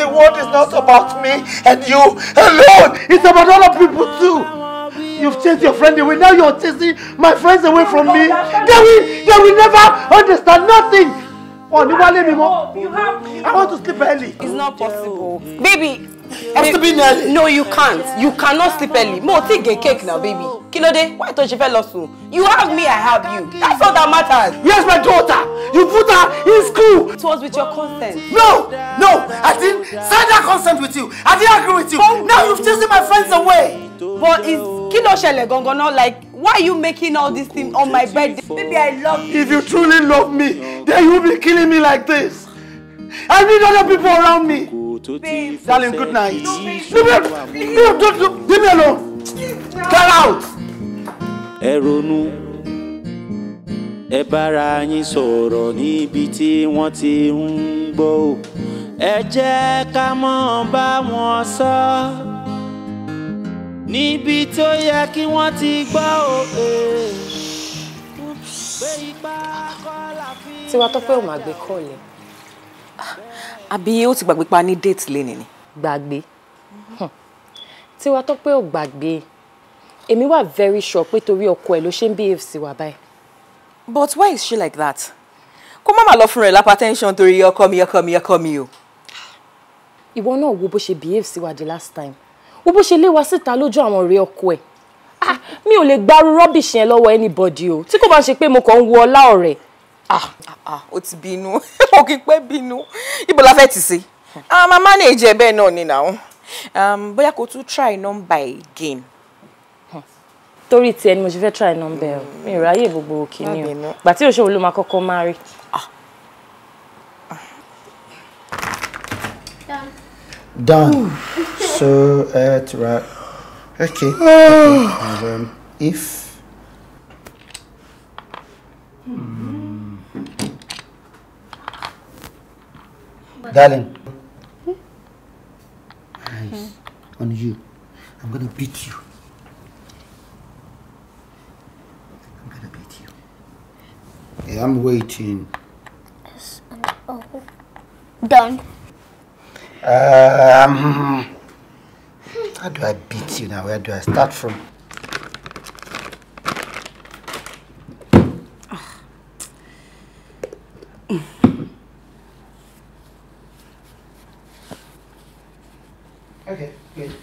The world is not about me and you alone! It's about other people too! You've chased your friend away, now you're chasing my friends away from me! They will, they will never understand nothing! Oh, you want me more? You have I want to sleep early. It's not possible. Baby. I'm sleeping early. No, you can't. You cannot sleep early. Mo take get cake now, baby. Kinode, why don't you fell off You have me, I have you. That's all that matters. Yes, my daughter. You put her in school. It was with your consent. No, no. I didn't sign that consent with you. I didn't agree with you. Oh. Now you've chasing my friends away. But is Kinode ló ṣẹlẹ̀ gangan like Why are you making all this thing on my birthday? Baby, I love you. If you truly love me, then you'll be killing me like this. I need other people around me. Babe. Darling, good night. No, babe. Leave me. don't, don't, leave me alone. Get out. Ẹ ronú, ẹ bára yín sọ̀rọ̀ níbi tí wọ́n ti ń gbọ́. Ẹ níbi tó yẹ kí wọ́n ti gbọ́ òkè. tiwa tó pé ò máa gbé kọ́ọ̀lẹ̀. àbí ó ti gbàgbé pa ní déètì lẹ́nì ni. gbàgbé tiwa hmm. tó pé ò gbàgbé èmi wà very sure pé torí ọkọ ẹ ló ṣe ń behave sí wa báyìí. but why is she like that? kó má máa lọ fún rẹ̀ lápá tension torí ọkọ mi ọkọ mi ọkọ mi o. ìwọ náà wo bó ṣe behave sí wa the last time wo bó ṣe lé wa síta lójú àwọn ọ̀rẹ́ ọkọ ẹ̀ ah, mi ò lè gbarú rọ́bìṣì yẹn lọ́wọ́ anybody o tí kò bá ṣe pé mo kàn ń wo ọlá ọ̀rẹ́. ó ah, ah, ti bínú ó kì í pẹ́ bínú ibo la fẹ́ ti sí màá manage bẹ́ẹ̀ náà ni now um, bóyá kò tún try number again hmm. torí tiẹ̀ ni mo ṣe fẹ́ try number ẹ̀ mi ò ráyè gbogbo kìíní o gbà tí òṣèlú ló máa kọ́kọ́ marry. done. so at uh, right. Okay. okay. And, um, if hmm. darling, hmm? eyes okay. Hmm. on you. I'm gonna beat you. I'm gonna beat you. Yeah, I'm waiting. Uh, oh. Done. Um, how do I beat you now? Where do I start from? Okay, good.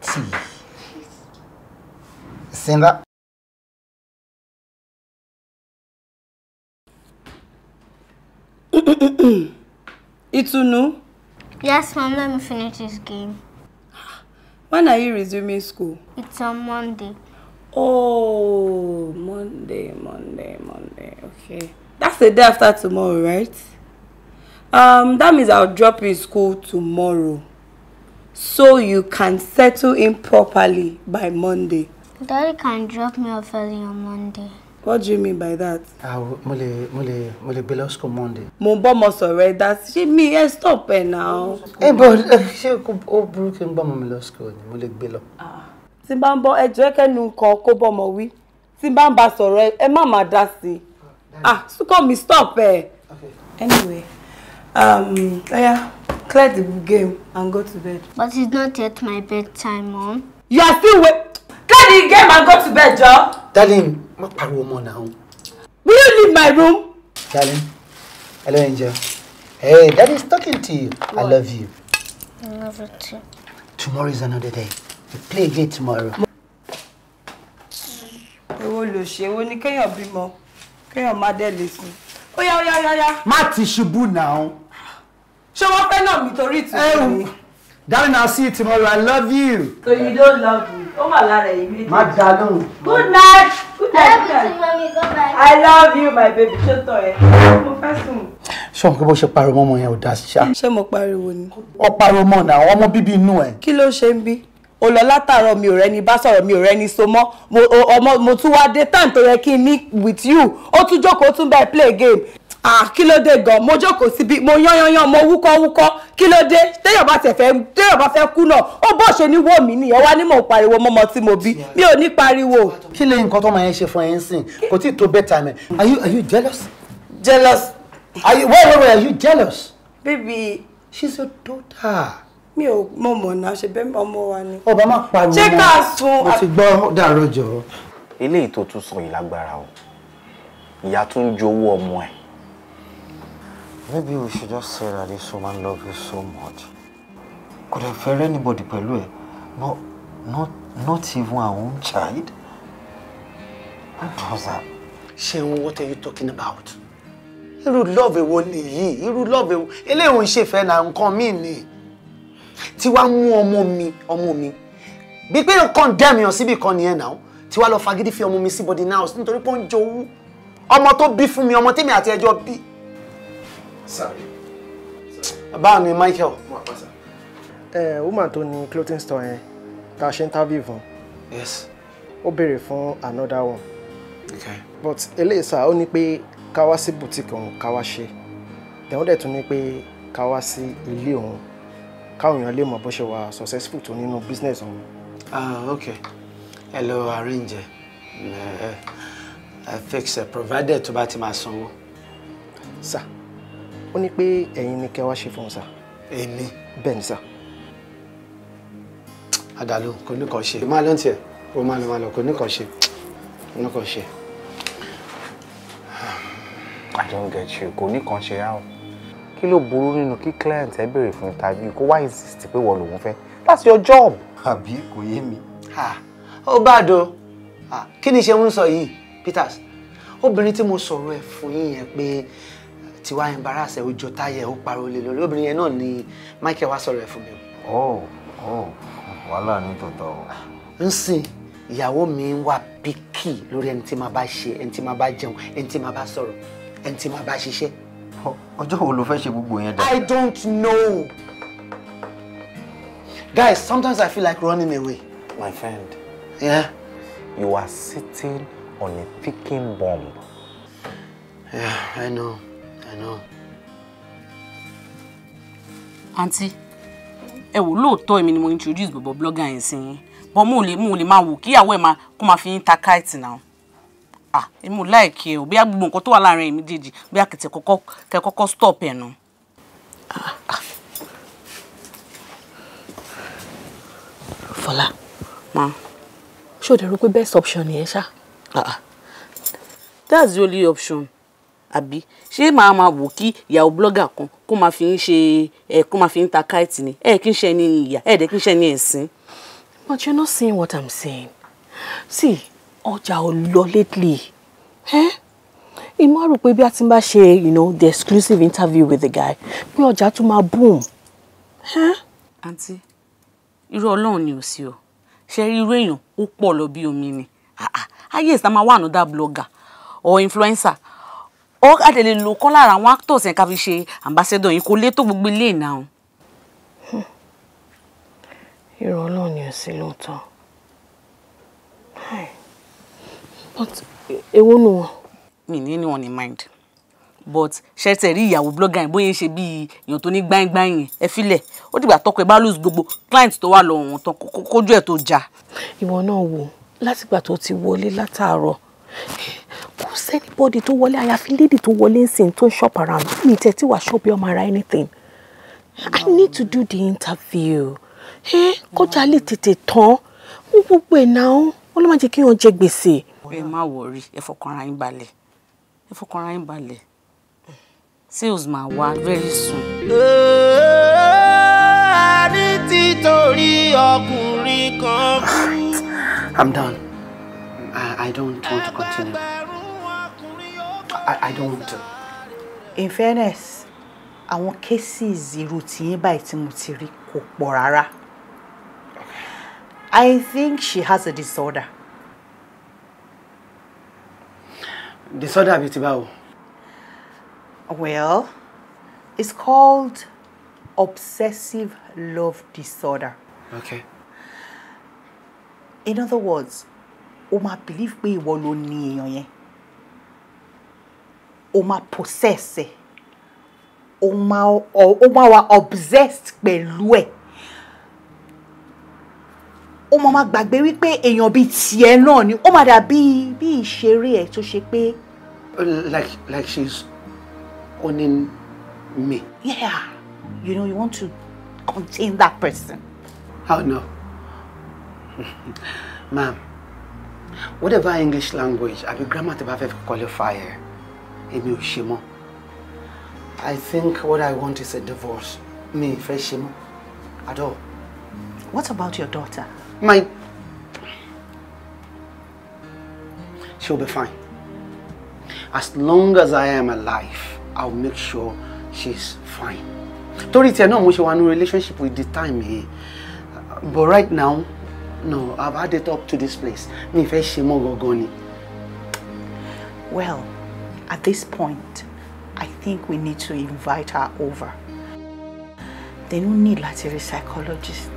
See. Seen that? Itunu? Yes, Mom, let me finish this game. When are you resuming school? It's on Monday. Oh, Monday, Monday, Monday. Okay. That's the day after tomorrow, right? Um, that means I'll drop you in school tomorrow. So you can settle in properly by Monday. Daddy can drop me off early on Monday. What do you mean by that? Mo lè mo lè mo school Monday. Mo ń bọ́ ọmọ sọ̀rọ̀ ẹ dá stop ẹ now. Ẹ but ṣé ó burú kí n bọ́ ọmọ mi lọ school ni mo lè gbé lọ. Ah, ah. Tí n bá ń bọ́ ẹjọ́ ẹkẹ́nu kan kó bọ́ ọmọ wí. Tí n bá ń ba Ah Súnkọ̀ mi stop ẹ. Anyway, um, yeah, clear the game and go to bed. But it's not yet my bedtime, Mom. You are still waiting play the game and go to bed, Joe. Darling, paru omo na o. Will you leave my room? Darling, hello angel. Hey, daddy is talking to you. What? I love you. I love you too. Tomorrow is another day. We play again tomorrow. Oh, ló ṣe, èwo ni kéèyàn bímọ, kéèyàn má dẹ̀ lè sùn. Ó yá ó yá ó yá. Má ti ṣubú náà. Ṣé wọ́n fẹ́ náà Darling, I'll see you tomorrow. I love you. So you don't love me. Oh my lord, you made My darling. Good night. Good night. I love you, mommy. Bye-bye. I love you, my baby. Shut up. Mo fẹ́ sùn. ṣé òun kí bó ṣe pariwo ọmọ yẹn ò dá sí ṣá. ṣé mo pariwo ni. ọ pariwo mọ náà ọmọ bíbí inú ẹ. kí ló ṣe ń bí o lọ látàárọ̀ mi ò rẹ́ni bá sọ̀rọ̀ mi ò rẹ́ni so mọ́ ọmọ mo tún wá dé time tó yẹ kí n ní with you ó tún jókòó ó tún bẹ́ẹ̀ play game ah kí ló dé gan mo jókòó síbi mo yányányán mo wúkọ́ wúkọ́ kí ló dé téèyàn bá tẹ̀fẹ́ téèyàn bá fẹ́ kú náà ó bó ṣe ní wò mí nìyẹn wá ní mò ń pariwo mọ́mọ́ tí mo bí mi ò ní pariwo. kí lè nǹkan tó máa ń ṣe fún ẹ ń sìn kò tí ì tó bẹ́ẹ̀ tàmẹ̀ are you are you jealous. jealous. are you where where wait are you jealous. baby. she's your daughter mi ò mọ mọ̀nà ṣe bẹ́ẹ̀ ọmọ wa ni. ọba má pariwo ṣé ká sun. mo ti gbọ́ dàrọ́ jọ. eléyìí tó tún sọ yìí o ìyá tún jowó Maybe we should just say that this woman loves you so much. Could have felt anybody pẹ̀lú ẹ̀. No, not, not even our own child. Who does that? Ṣeun, what are you talking about? He would love èwo nìyí? Irú love èwo? Eléyìí ń ṣe fẹ́ na nǹkan míì ni. Tiwa mu mú ọmọ mi, ọmọ mi. Bí pé o condemn yàn si kan nìyẹn náà. Tí Tiwa lo fagidi fi ọmọ mi sí body now nítorí pé ó ń jowú. Ọmọ tó mi, ọmọ tèmi àti ẹjọ́ bí báwo ni Michael. ẹ woman tó ní clothing store yẹn tá a ṣe interview fún. yes. ó béèrè fún another one. okay. but eléyìí sá ó ní pé ká wá sí boutique òun ká wá ṣe tẹ̀wọ́n dẹ̀ tún ní pé ká wá sí ilé òun káwọn èèyàn lè mọ̀ bó ṣe wà successful tó nínú business òun. ah okay ẹ arrange ẹ ẹ fix ẹ provided tó bá ti máa sanwó. sir ó ní pé ẹ̀yin ni kẹ́ wá ṣe fún un sà. èmi. bẹ́ẹ̀ ni sà. àdàlù kò ní kàn ṣe. máa lọ tiẹ̀ o máa lọ máa lọ kò ní kàn ṣe kò ní kàn ṣe. I don't get you kò ní kàn ṣe áwọn kí ló burú nínú kí client ẹ béèrè fún interview kó wá insist pé wọ́n lòun fẹ́ that's your job. àbí kò yé mi. ó bá a dọ kí ni ṣe ń sọ yìí Peters obìnrin tí mo sọ̀rọ̀ ẹ̀ fún yín yẹn pé tí wàá embarrass ẹ ó jọ táyà ẹ ó pariwo lé lórí obìnrin yẹn náà ni Michael wá sọ̀rọ̀ ẹ fún mi o. Oh, ọ oh, wàhálà ní tòótọ́ o. sìn ìyàwó mi ń wà píkì lórí ẹni tí màá bá ṣe ẹni tí màá bá jẹun ẹni tí màá bá sọ̀rọ̀ ẹni tí màá bá ṣiṣẹ́. ọjọ́ wo ló fẹ́ ṣe gbogbo yẹn dáadáa. I don't know. Guys, sometimes I feel like running away. My friend. Yeah. You are sitting on a ticking bomb. Yeah, I know. I know. Aunty, ẹ wò lóòótọ́ èmi introduce bọ̀bọ̀ blogger yẹn sí but mo lè mo lè máa wò kíyàwó Come máa kó máa fi yín ta káìtì náà ah èmi ò láìkí ẹ ò bí gbogbo nǹkan tó wà láàrin èmi jèjì a akẹtẹ kọ́kọ́ kẹ kọ́kọ́ stop ẹ nu. Fọlá ma ṣé the best option nìyẹn ah, ah, that's the only option àbí ṣé màá máa wò kí ìyàwó blogger kan kó máa fi ń ṣe ẹ kó máa fi ń ta káìtì ni ẹ kí n ṣe ní ìyà ẹ dẹ kí n ṣe ní ẹ̀sìn. but you're not seeing what i'm saying see ọjà ò lọ lately ìmọ̀ rò pé bí a ti bá ṣe you know the exclusive interview with the guy pé ọjà tún máa boom. àǹtí irú ọlọ́run ni ò sí o ṣe irú èèyàn ó pọ̀ lọ bí omi ni ah, ah, ayé ìsá máa wà nù dá blogger or influencer ọ àdèlè lò kán lára àwọn actors yẹn ká fi ṣe ambassador yìí kò lè tó gbogbo ilé ìnáwó. irọ́ ọlọ́run ni ò sí lóòótọ́ but èwo nù wọn. mi ní ní wọn ní mind but ṣẹtẹ rí ìyàwó blogger yẹn bóyá ṣe bí èèyàn tó ní gbáyìngbáyìn ẹ filẹ̀ ó dìgbà tọkọ ẹ bá lose gbogbo client tó wà lọ òun tán kójú ẹ tó já. ìwọ náà wò látìgbà tó ti wọlé látàárọ̀ kò sẹ́nibọ́dì tó wọlé àyàfi lédì tó wọlé ń sìn tó ń shop around mi tẹ̀ tí wàá ṣọ́ọ̀bì ọmọ anything i need to do the interview ẹ kọjá lè tètè tán wọ́n gbogbo ẹ̀ náà wọ́n ló máa jẹ́ kí wọ́n jẹ gbèsè. ẹ má wọrí ẹ fọkànra yín balẹ̀ ẹ fọkànra yín balẹ̀ sales máa wá very soon. ní títorí ọkùnrin kan i'm done I, i don't want to continue. I, I don't do. In fairness, àwọn cases irú tiyín báyìí tí mo ti rí kò pọ̀ rárá. I think she has a disorder. Disorder bíi ti báwo? Well, it's called obsessive love disorder. Okay. In other words, o máa believe pé ìwọ ló ní èèyàn yẹn o máa possess ẹ̀ o máa o máa wà obsessed pẹ̀lú ẹ̀ ó máa máa gbàgbé wípé èèyàn bíi tiẹ̀ náà ni ó máa dà bíi bíi ìṣeré ẹ̀ tó ṣe pé. like like she's owning me. yeah you know you want to contain that person. How no ma'am whatever English language àbí grammar tí bá fẹ́ qualify ẹ̀ èmi ò ṣe mọ́ I think what I want is a divorce mi ì fẹ́ ṣe at all. What about your daughter? My. She'll be fine. As long as I am alive, I'll make sure she's fine. Torí tiẹ̀ náà mo ṣe wà ní relationship with the time yìí. But right now, no, I've had it up to this place. Mi fẹ́ ṣe mọ́ gangan ni. Well. At this point, I think we need to invite her over. They don't need láti rí psychologist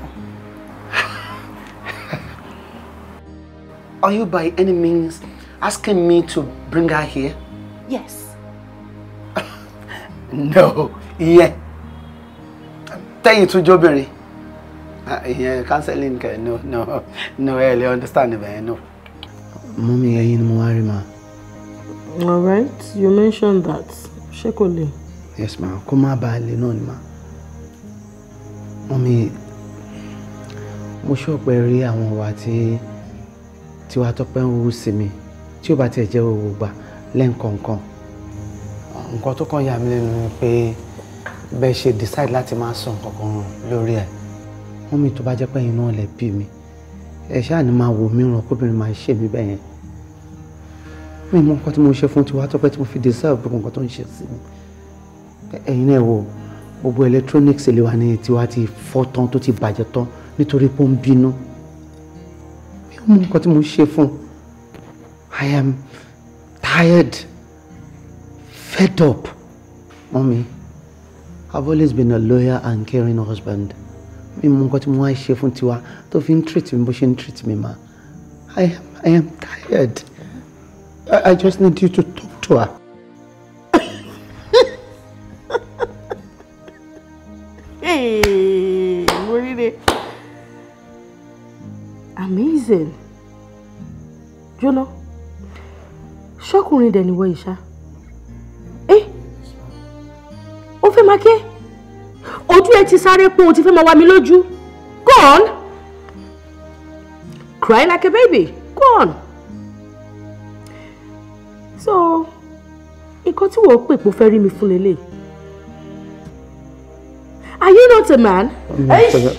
Are you by any means asking me to bring her here? Yes. no, yeah. Tẹ́yìn to jóbìnrin. Ah, yeah, counseling no no no ẹ understand ibẹ̀ no. Mọ́mí are you mo wá rí màá. all right you mentioned that ṣé yes ma Come má buy lè náà ni ma mọ́mí mo ṣọ́ọ̀pẹ́ rí àwọn ìwà tí tiwa tọ́pẹ́ ń wú sí mi tí ó bá tiẹ̀ jẹ́ owó gbà kong nǹkan tó kàn yà mí lẹ́nu ni pé bẹ́ẹ̀ ṣe decide lati máa sọ nǹkan kan lórí ẹ̀ mọ́mí tó bá jẹ́ pé ẹ̀yin náà lè bí mi ẹ̀ ṣáà ni máa wò mí ràn kóbìnrin máa ṣe mí bẹ́ẹ̀ yẹn mi mọ nǹkan tí mo ṣe fún tiwa tọpẹ tí mo fi deserve gbogbo nǹkan tó ń ṣe sí mi ẹ̀yin náà wò gbogbo electronics lè wà ní tiwa ti fọ́ tán tó ti bàjẹ́ tán nítorí pé ó ń bínú mi nǹkan tí mo ṣe fún i am tired fed up mọ́mi i've always been a lawyer and caring husband mi mọ nǹkan tí mo wá ṣe fún tiwa tó fi ń treat mi bó ṣe ń treat mi ma i am i am tired. I, I just need you to talk to her. hey, what is it? Amazing. dẹ̀ ni wọ́n ìṣá. Eh, ó fẹ́ máa Eh? Ojú ẹ ti sáré pé o ti fẹ́ máa wá mi lójú. Go on. Cry like a baby. Go on so nǹkan tí wọ́n pè pé fẹ́ rí mi fún lélẹ̀ are you not a man? Eh, no, hey,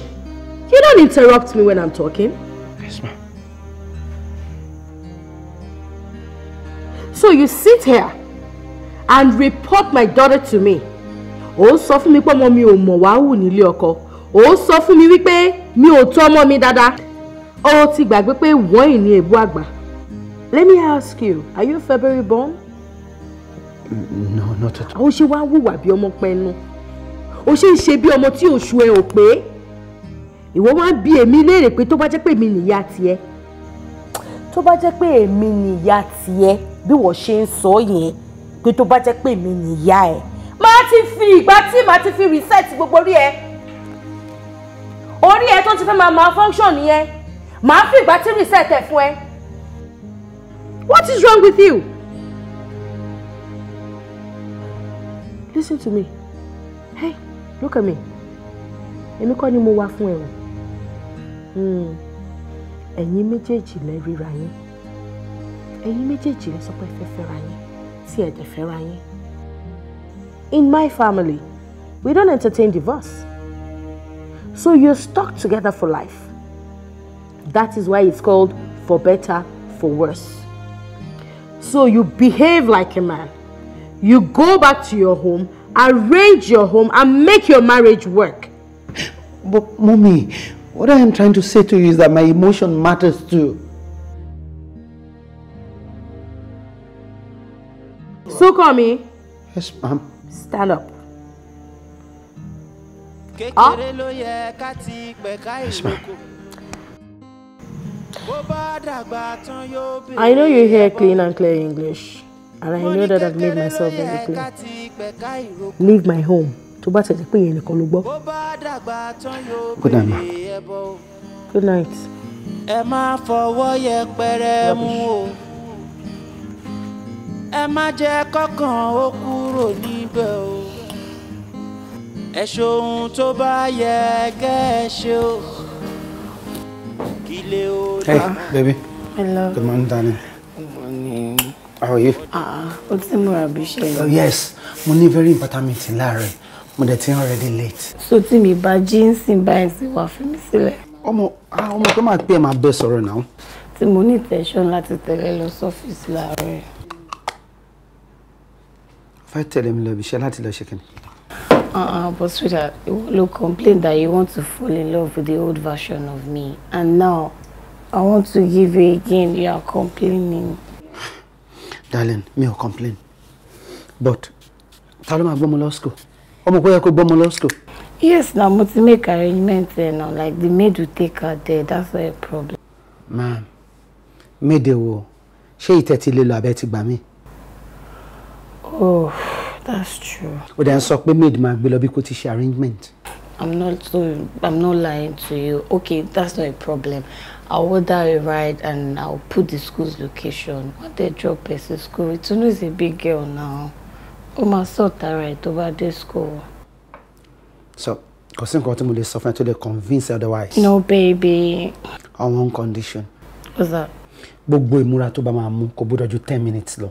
you don't interrupt me when I'm talking. Yes, ma'am. So you sit here and report my daughter to me. Ó sọ fún mi pé ọmọ mi ò mọ̀ wá wù nílé ọkọ. Ó sọ fún mi wípé mi ò tọ́ ọmọ mi dáadáa. Ó ti gbàgbé pé wọ́n ì ní èbú Let me ask you, are you February born? No, not at all. Ó ṣe wá wùwà bí ọmọ pẹnu. Ó ṣe ń ṣe bí ọmọ tí oṣù ẹ ò pé. Ìwọ wá bí èmi léèrè pé tó bá jẹ́ pé èmi nìyá tiẹ̀. Tó bá jẹ́ pé èmi nìyá tiẹ̀ bí wọ́n ṣe ń sọ yẹn pé tó bá jẹ́ pé èmi nìyá ẹ̀. Máa ti fi ìgbà tí màá ti fi reset gbogbo orí ẹ. Orí ẹ tó ti fẹ́ máa máa function nìyẹn. Màá fi ìgbà tí reset ẹ̀ fún ẹ. What is wrong with you? Listen to me. Hey, look at me. Èmi kọ́ ni mo wá fún ẹ o. Hmm. Ẹ̀yin méjèèjì lẹ ríra yín. Ẹ̀yin méjèèjì lẹ sọ pé fẹ́ fẹ́ra yín tí ẹ̀dẹ̀ fẹ́ra yín. In my family, we don't entertain divorce. So you're stuck together for life. That is why it's called for better, for worse. So you behave like a man. You go back to your home, arrange your home, and make your marriage work. But, Mommy, what I am trying to say to you is that my emotion matters too. So, call me. Yes, ma'am. Stand up. Up. Ah. Yes, ma'am. I know you hear clean and clear English, and I know that I've made myself very clear. Leave my home. Tó bá tẹ̀lé pé ìyẹn nìkan ló Good night, ma. Good night. Ẹ má fọwọ́ yẹpẹrẹ mú o. Ẹ má jẹ́ kọ́kàn ó kúrò níbẹ̀ o. Hey, baby. Hello. Good morning, darling. Good morning. How are you? Ah, uh, what's the more abishe? Oh, yes. Mo ní very important meeting Larry. Mo dẹ̀ already late. So tí mi bá jeans in báyìí sí wà fún mi sílẹ̀. Ọmọ, ah ọmọ tó máa pè é máa bẹ sọ̀rọ̀ náà. Tí mo ní intention láti tẹ̀lé lọ sọ́fíìsì láàárọ̀. Fẹ́ tẹ̀lé mi lọ ibiṣẹ́ láti lọ ṣe kíni? Uh-uh, but sweetheart, you complain that you want to fall in love with the old version of me. And now, I want to give you again, you are complaining. Darling, me ò complain. But, tell me máa gbọ́mọ lọ school? you. kò yẹ kó gbọ́mọ lọ Yes, now, mo ti make arrangements. there now. Like, the maid will take her there. That's not a problem. Ma'am, maid wo? Ṣé ìtẹ́tí lè lọ abẹ́ ti gbà mí? Oh. That's true. But then, so we made my beloved gbé arrangement. I'm not so I'm not lying to you. Okay, that's not a problem. I'll order a ride and I'll put the school's location. What they drop is the school. It's is a big girl now. Ó máa sort that right over the school. So, kò sí nǹkan tí mo lè sọ fún convince otherwise. No baby. On one condition. What's that? Gbogbo ìmúra tó bá máa mú kò gbọ́dọ̀ ju ten minutes lo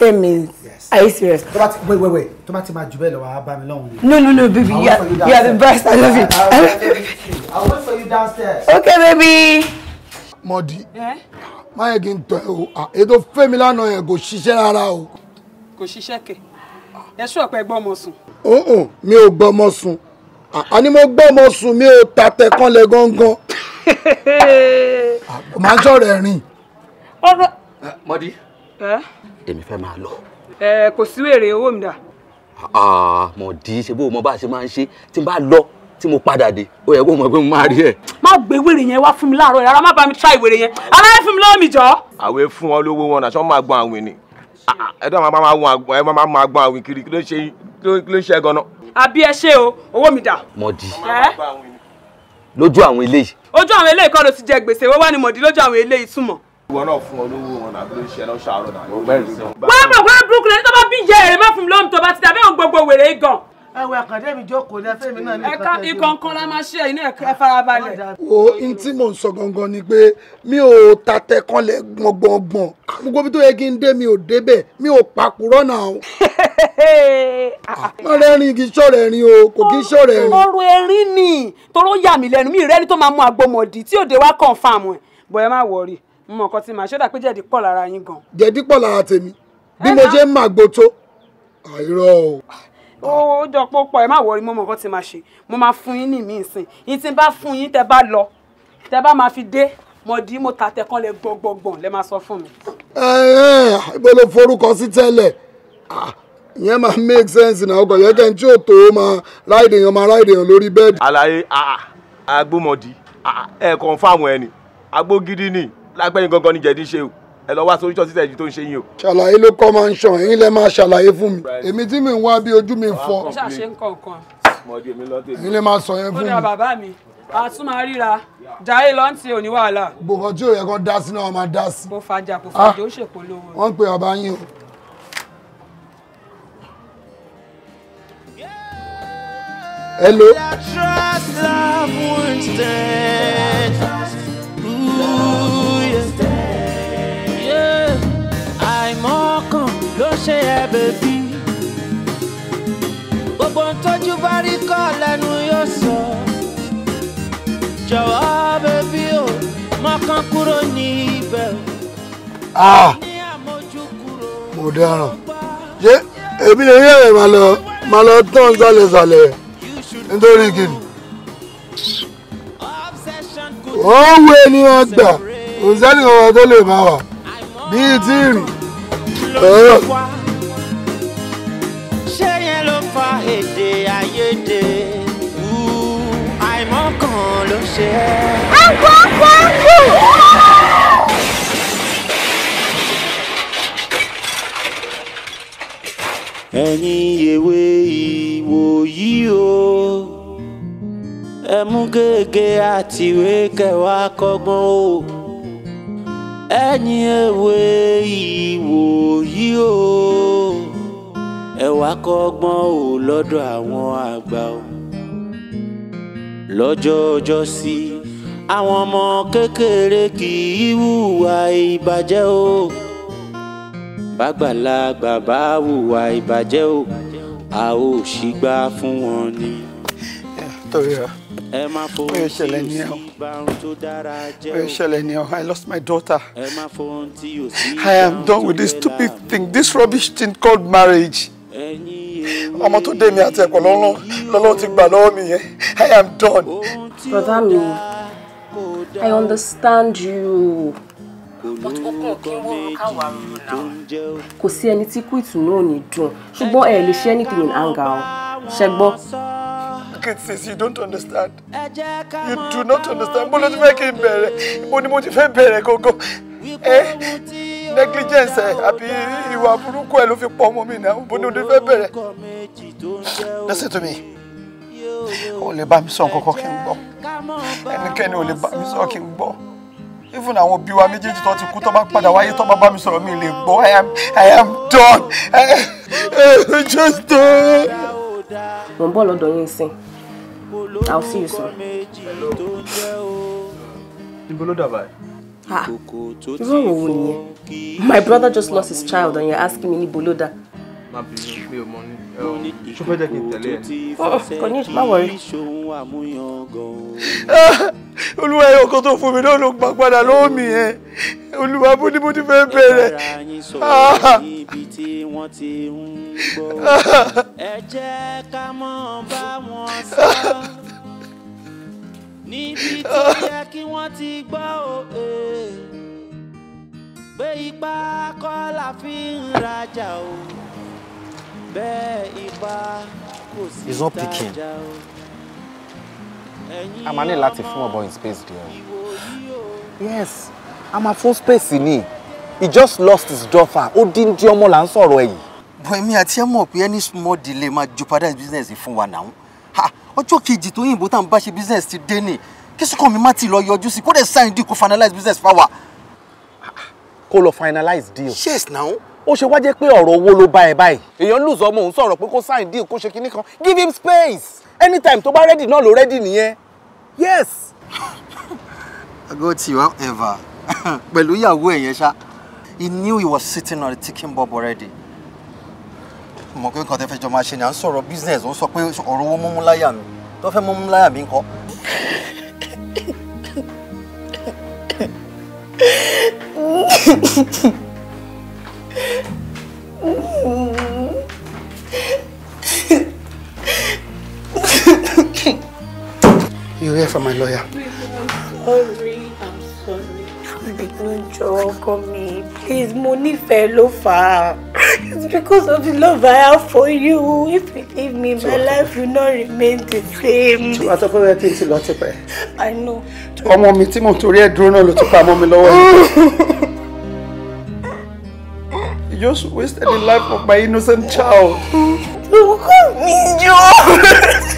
ten minutes. Yes. Are you serious? Tomati, wait, wait, wait. Tomati ma jubel or abami long. No, no, no, baby. You are, you, you are the best. I love you. I love you. I'll wait for you downstairs. Okay, baby. Mọ̀dí. Eh? Má yẹ kí n tọ́ ẹ o. Ah, ètò Fẹ́mi lánàá go kò ṣiṣẹ́ rárá o. Go ṣiṣẹ́ kẹ̀. Ẹ sún ọ̀pẹ gbọ́ oh, sùn. mi o gbọ́ ọmọ sùn. Àní ah, mo gbọ́ ọmọ sùn mi ò tàtẹ̀ kan lẹ̀ gangan. Ah, màá sọ̀rọ̀ ẹ̀rín. Ọ̀rọ̀. Eh, Mọ̀dí èmi fẹ́ máa lọ. kò sí wèrè owó mi dà. mo dì ṣe bó o mọ bá a ṣe máa ń ṣe tí n bá lọ tí mo padà dé ó yẹ kó mọ pé mo máa rí ẹ. má gbé wèrè yẹn wá fún mi láàárọ̀ rárá má bá mi try wèrè yẹn aláì fún mi lọ́wọ́ mi jọ. àwẹ̀ fún wọn lówó wọn náà ṣé wọ́n máa gbọ́n àwìn ni ẹ dá máa máa wọn àgbọn ẹ máa máa gbọ́n àwìn kiri kí ló ṣe kí ló ṣe gan-an. àbí ẹ ṣe o owó mi dà. mo dì í lójú àwọn eléyìí. ojú àwọn eléyìí kọ́ ló ti jẹ gbèsè wọ́n wá ní mọ̀dí lójú àwọn eléyìí túmọ̀ ìwọ náà fún olówó wọn àbí ló ń ṣe lọ́ṣà àárọ̀ náà. wọ́n mọ̀ wọ́n Brooklyn ní tó bá bí ìyá ẹ̀ má fún mi lóhùn tó bá ti dàbẹ́ òun gbogbo wèrè gan. ẹwẹ àkàndé mi jókòó ní ẹfẹ mi náà ní ìkọkẹ mi. ìkọ̀ nǹkan la máa ṣe inú ẹ farabalẹ̀. wo n tí mò ń sọ gangan ni pé mi ò tatẹ kanlẹ̀ gbọ̀ngbọ̀ngbọ̀n gbogbo bí tó yẹ kí n dé mi ò débẹ̀ mi ò pàkúrọ̀ náà. ọ̀rẹ́ rin kì í ṣọ̀rẹ́ rin o kò kì í ṣọ̀rẹ́ rin. ọ̀rọ̀ erin ni toró yà mí lẹ́nu mi ìrẹ́ni tó máa mú agbomọ̀dì tí òde wa confam ẹ̀ bọ̀ ẹ má wọrí mọ nǹkan tí màá ṣe ó dà pé jẹ̀dí pọ̀ lára yín gan. jẹ̀dí pọ̀ lára tèmi bí mo ṣe ń màgbo tó àìrọ̀ o ó jọ pé ó pọ̀ ẹ má wọrí mọ́ mọ́ nǹkan tí máa ṣe mo máa fún yín ní míì sìn yín tí n bá fún yín tẹ bá lọ tẹ bá máa fi dé mọ̀dí mo ta tẹ̀kan lẹ gbọ̀ngbọ̀ngbọ̀n lẹ máa sọ fún mi. ẹ ẹ ibo ló forúkọ sí tẹ́lẹ̀ ah, ìyẹn máa make sense náà ọkọ̀ yẹn kẹ́hìn tí ò tó máa ráìdè yẹn máa ráìdè yẹn lórí bẹ́ẹ̀dì. àlàyé àgbọ̀mọ̀dì ẹ̀ kàn fáwọn ẹni àgbọ̀ gidi ni lágbẹ́yìn gangan ni jẹ̀dí ṣe o ẹ lọ wá solution títẹ̀ ju tó ń ṣe yín o. ṣàlàyé ló kọ́ máa ń ṣàn yín lẹ máa ṣàlàyé fún mi èmi tí mi ń wá bí ojú mi fọ èmi lè máa sọ yẹn fún mi. kódà bàbá mi àtún máa ríra jayé ló ti òní wàhálà. gbogbo tí ò yẹ kó dá sí náà máa dá sí. kò fàjà kò ah, fàjà ó ṣèpolówó. wọ́n ń pe ọba yín o. hello. Trust love won't stand. ló ṣe ẹ bèbí gbogbo tójú bá rí kọ́ lẹ́nu yóò sọ jọ̀wọ́ bèbí o mọ́kàn kúrò níbẹ̀ o ní àmójú kúrò mo dáràn ṣé èmi lè rí ẹ̀rẹ̀ máa lọ máa lọ tán sálẹ̀sálẹ̀ nítorí kìnnì ó wu ènìyàn gbà kò sẹ́nìkan wọn tó lè máa wà bíi tí ìrìn ló ń wá. ṣé ló fa èdè àìyedè àìmọ̀kan ló ṣe é. àgbọ̀ àgbọ̀ àgbọ̀. ẹ̀yin èwe ìwòyí o ẹ mú gègé àtìwé kẹwàá kọ́gbọ́n o ẹ̀yin èwe ìwòyí o ẹ wá kọ́gbọ́n o lọ́dọ̀ àwọn àgbà o lọ́jọ́ ọjọ́ sí àwọn ọmọ kékeré kì í hùwà ìbàjẹ́ o bàgbàlagbà bá hùwà ìbàjẹ́ o a ò sì gbà fún wọn ni. torí Where shall I tí Where shall I tó I lost my daughter. I am done with this stupid thing this rubbish thing called marriage. ọmọ tó dé mi àti ẹ̀kọ́ lọ́lọ́ lọ́lọ́ ti gbà lọ́wọ́ mi yẹn I am done. brother mi I understand you but ó kàn kí n wọ́n káwá rú náà. kò sí ẹni tí kú ìtùnú ò ní dùn ṣùgbọ́n ẹ lè ṣe anything in anger o ṣẹgbọ́n look at you don't understand you do not understand bó ló ti fẹ́ kí n bẹ̀rẹ̀ bó ni mo ti fẹ́ eh? negligence ẹ eh? àbí ìwà burúkú ẹ ló fi pọ̀ ọmọ mi náà bó ni mo ti fẹ́ listen to me o lè bá mi sọ nǹkan kan kí n gbọ́ ẹnikẹ́ni ò lè bá mi sọ kí n gbọ́ even àwọn òbí wa méjèèjì tó ti kú tó bá padà wáyé tó bá bá mi sọ̀rọ̀ mi lè i am i am done I, just done. mo ń bọ̀ lọ́dọ̀ yín sìn. I'll see you soon. Ibo ló dà báyìí? Ah, irú òwò nìyẹn. My brother just lost his child and you're asking me níbo ló dà. Má bínú mi ò mọ ní. Ṣé o um, fẹ́ jẹ́ kí oh, oh, ni mo ti fẹ́ bẹ̀rẹ̀. Ah, ah. Ah, ẹ níbi tí yẹ kí wọ́n ti gbọ́ òye pé ipá kọ́ la fi ń rajà o bẹ́ẹ̀ ipá kò sí tajà o. a máa ní láti fún ọ̀bọ in space díẹ̀ yes a máa fún space ni he just lost his daughter ó dín dín ọmọ là ń sọ̀rọ̀ ẹ̀yìn. bọ̀ èmi àti ẹ̀ mọ̀ pé any small delay máa jeopardize business fún wa náà ọjọ́ kejì tó yìnbó tá à bá ṣe business ti dé ni kí sùkọ́ mi má ti lọ yọjú sí kó dẹ̀ sign deal kó finalize business fáwa. kó lọ finalize deal. yes now. ó ṣe wá jẹ́ pé ọ̀rọ̀ owó ló bá ẹ báyìí. èèyàn lùzọ́ ọmọ òun sọ̀rọ̀ pé kó sign deal kó ṣe kinní kan give him space anytime tó bá ready náà ló ready nìyẹn yes. ago ti however pẹ̀lú ìyàwó ẹ̀yẹn ṣá he knew he was sitting on a ticking bomb already mọ̀ pé nǹkan tẹ́ fẹ́ jọ máa ṣe ni à ń sọ̀rọ̀ business ó ń sọ pé ọ̀rọ̀ owó múmú láyà mi tó fẹ́ múmú láyà mi ńkọ́. You hear from my lawyer. Oh, bínú jọ ọkọ me, please mo nífẹ̀ẹ́ ló it's because of the love I have for you if you leave me my life will not remain the same. To wàá sọ that thing kí n ti I know. ọmọ mi tí mo torí ẹ̀ dúró náà ló ti pa ọmọ mi You just wasted the life of my innocent child. Don't at me, Joe.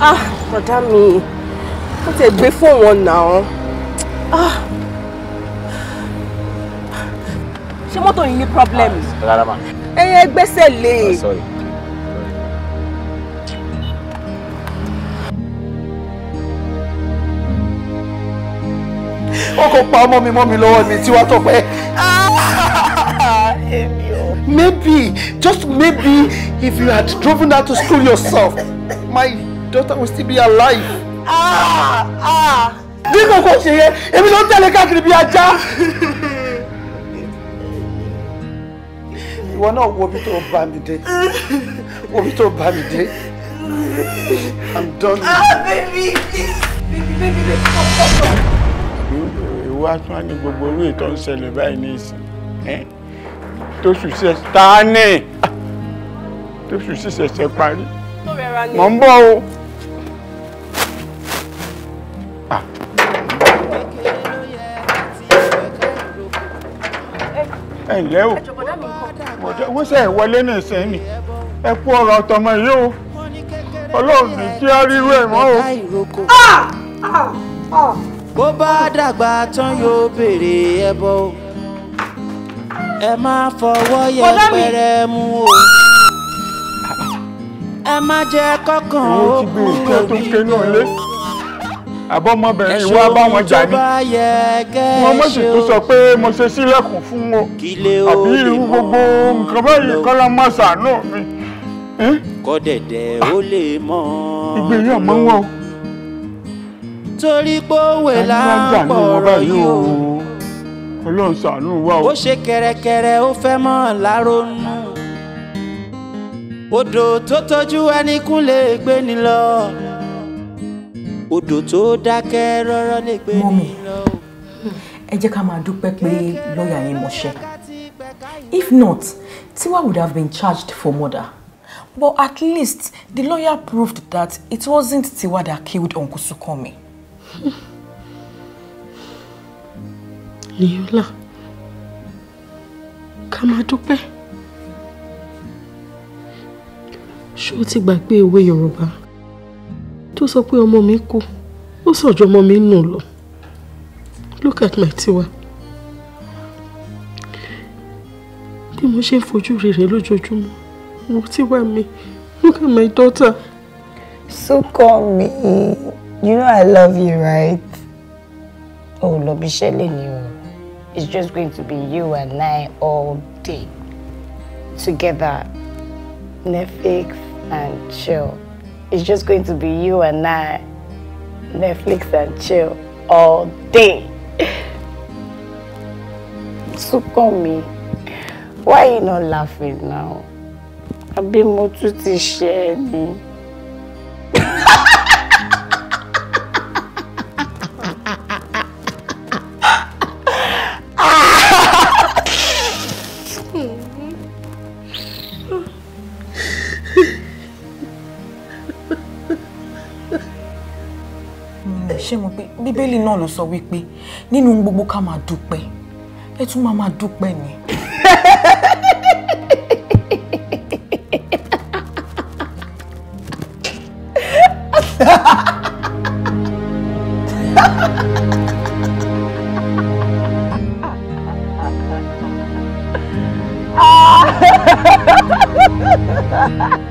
ah ọ̀dá mi wọ́n ti gbé fóònù wọn nà ah ṣé mọ́tò yìí any problem. Ah, rárá ma. ẹyẹ oh, sorry. Oh, kò pa mommy, mommy, mọ́ me. See what tí wàá tọ́ maybe just maybe if you had driven her to school yourself my daughter will still be alive. Ah, ah! bí kòkó ṣe yẹ èmi ló ń tẹ̀lé káàkiri bí ajá. ìwọ náà wo bí tó bá mi dé wo bí tó bá mi dé i'm done. ah baby baby, baby baby baby come come come. ìwọ atún á ní gbogbo orí ètò ń ṣẹlẹ̀ báyìí ní ìsìn tó sùn sí ẹsẹ̀ tá a ní ah, tó sùn sí ẹsẹ̀ parí mọ̀ ń bọ̀ o. ẹ ǹlẹ́ o wọ́n ṣe ìwọlé ní ìsẹ́yìn ẹ kú ọ̀rọ̀ ọ̀tọ̀mọ yìí o ọlọ́run ní kí á rírú ẹ̀ mọ́ o. bó bá dàgbà tán yóò béèrè ẹbọ ẹ má fọwọ́ yẹpẹrẹ mú o ẹ má jẹ́ kọ́kàn ó kú òbí àbọ̀mọbìnrin ìwọ abáwọn jà ni wọn mọ̀ sì tún sọ pé mo ṣe sílẹ̀kùn fún o àbí irú gbogbo nǹkan báyìí kọ́lá má ṣàánú mi. kọ́dẹ̀dẹ̀ ó lè mọ́ ọ́n. ìgbéyìí torí pé òwe là ń pọ̀rọ̀ yìí o. ọlọ́run ṣàánú wa o. ó ṣe kẹrẹkẹrẹ ó fẹ́ mọ́ láronú. odò tó tọ́jú ẹnikún lè gbé ni lọ odò tó dákẹ́ rọ́rọ́ lè gbé ní lọ. ẹ jẹ́ ká máa dúpẹ́ pé lọ́ọ̀yà yẹn mọṣẹ́ if not Tiwa would have been charged for murder but at least the lawyer proved that it wasn't Tiwa that killed Uncle Sukomi. Nìyọ́lá ká máa dúpẹ́ ṣó ti gbàgbé ìwé Yorùbá tó sọ pé ọmọ mi kú ó sọ̀jọ́ ọmọ mi nù lọ look at my tiwa bí mo ṣe ń fojú rere lójoojúmọ́ mo tiwa mi look at my daughter. so call me you know i love you right. oh, lọ bí iṣẹ́ lè o it's just going to be you and I all day together Netflix and chill. It's just going to be you and I, Netflix and chill all day. So come me. Why are you not laughing now? Àbí mo tún ti ṣe é bíbélì náà ló sọ wípé nínú gbogbo ká máa dúpẹ́ ẹ tún máa máa dúpẹ́ ni. ha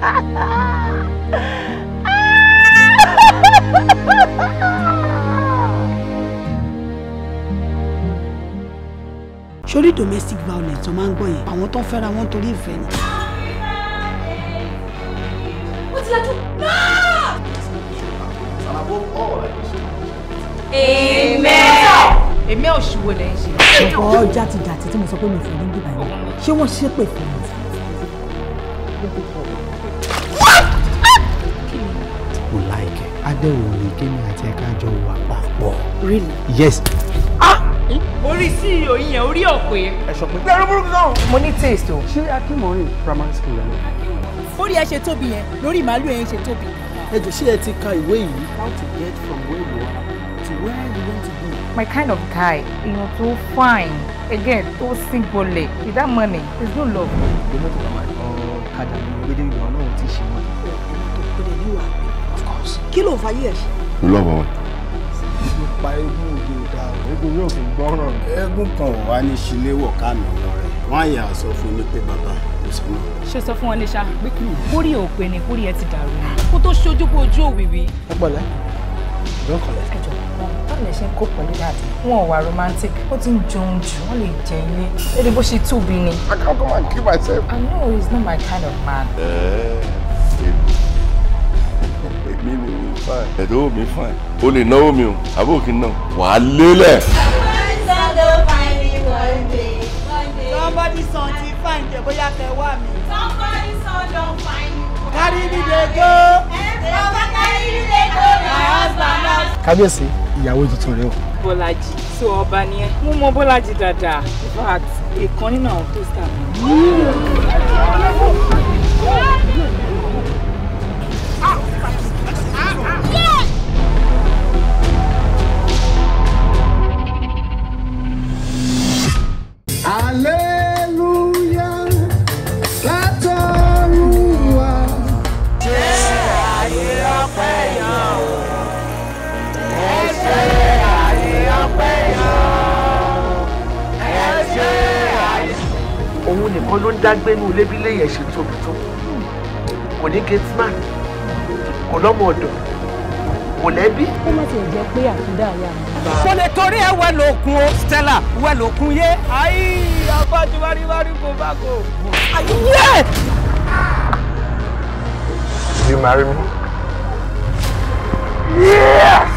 ha ha domestic violence tó máa ń gbọ́ yẹn àwọn tó ń fẹ́ra wọn torí ìfẹ́ ni. ó ti lajú. èmi ò ṣubú lẹ́ ń ṣe. ọ̀pọ̀ ọjà ti dàtí tí mo sọ pé mi ò fẹ́ ní bíbá yẹn ṣé wọ́n ṣépè fún mi. mo láìkẹ́ adéwòrán kémi àti ẹ̀ka jọ wà papọ̀. Really? Yes orí sí yẹn orí ọ̀pẹ. ẹ sọ pé. lẹ́rú burúkú náà. mo ní taste o. ṣé akínmọ̀rin primary school yẹn. orí ẹ ṣe tóbi yẹn lórí màálù ẹ ṣe tóbi. ẹ jọ ṣé ẹ ti ka ìwé yìí. how to get from where you are to where you want to be. my kind of guy èèyàn tó fine again tó sígbọlẹ̀ with that money is no love. the motor mama ọ̀kadà gbẹdẹ ìwà náà ti ṣe wọn. ọ̀pọ̀ tó kọ́lé ní wàá bẹ̀rẹ̀. of course kí ló fà yí ẹ̀ ṣe. lọ́wọ́ wa pa eégún òde òdà o. eégún yóò fi gbọ́ràn. eégún kan ò wá ní sílé wọ̀ káàmì ọ̀rọ̀ rẹ̀ wọ́n àyà sọ fún mi pé bàbá kò sọ mọ́. ṣe sọ fún wọn ní sá pé kórì ò pé ni kórì ẹ ti dàrú ni kó tó ṣojú kó ojú òwìwí. ẹ pẹ̀lẹ́ ìjọ kan lẹ. ẹ jọ báwo lẹ ṣe ń kó pẹ̀lú dáadáa wọn ò romantic ó ti ń jọun jù wọn lè jẹ ilé lórí bó ṣe tóbi ni. I can't come and kill myself. I know he's not my kind of man ẹ̀dọ́ wò mí fún ẹ̀ o lè náwó mi o àbò kí n ná wà á lélẹ̀. somebody son ti find ẹ bóyá kẹ wá mi. somebody son don find you. carry me dey go. bàbá carry me dey go my husband house. kábíyèsí ìyàwó tuntun rẹ o. bọ́lájì tó ọba ni ẹ mú mọ bọ́lájì dáadáa in fact èèkan nínú àwọn tó sà nìkan ló ń dágbé inú ilé bí léyìn kò ní gateman kò lọ́mọ ọ̀dọ̀ kò lẹ́bí. ó má ti jẹ́ pé àtúndà yà mí. kò lè torí ẹ wẹ lókun o Stella wẹ lókun yé. ayé abájú wáríwárí kò bá kò. ayé. you marry me? Yes!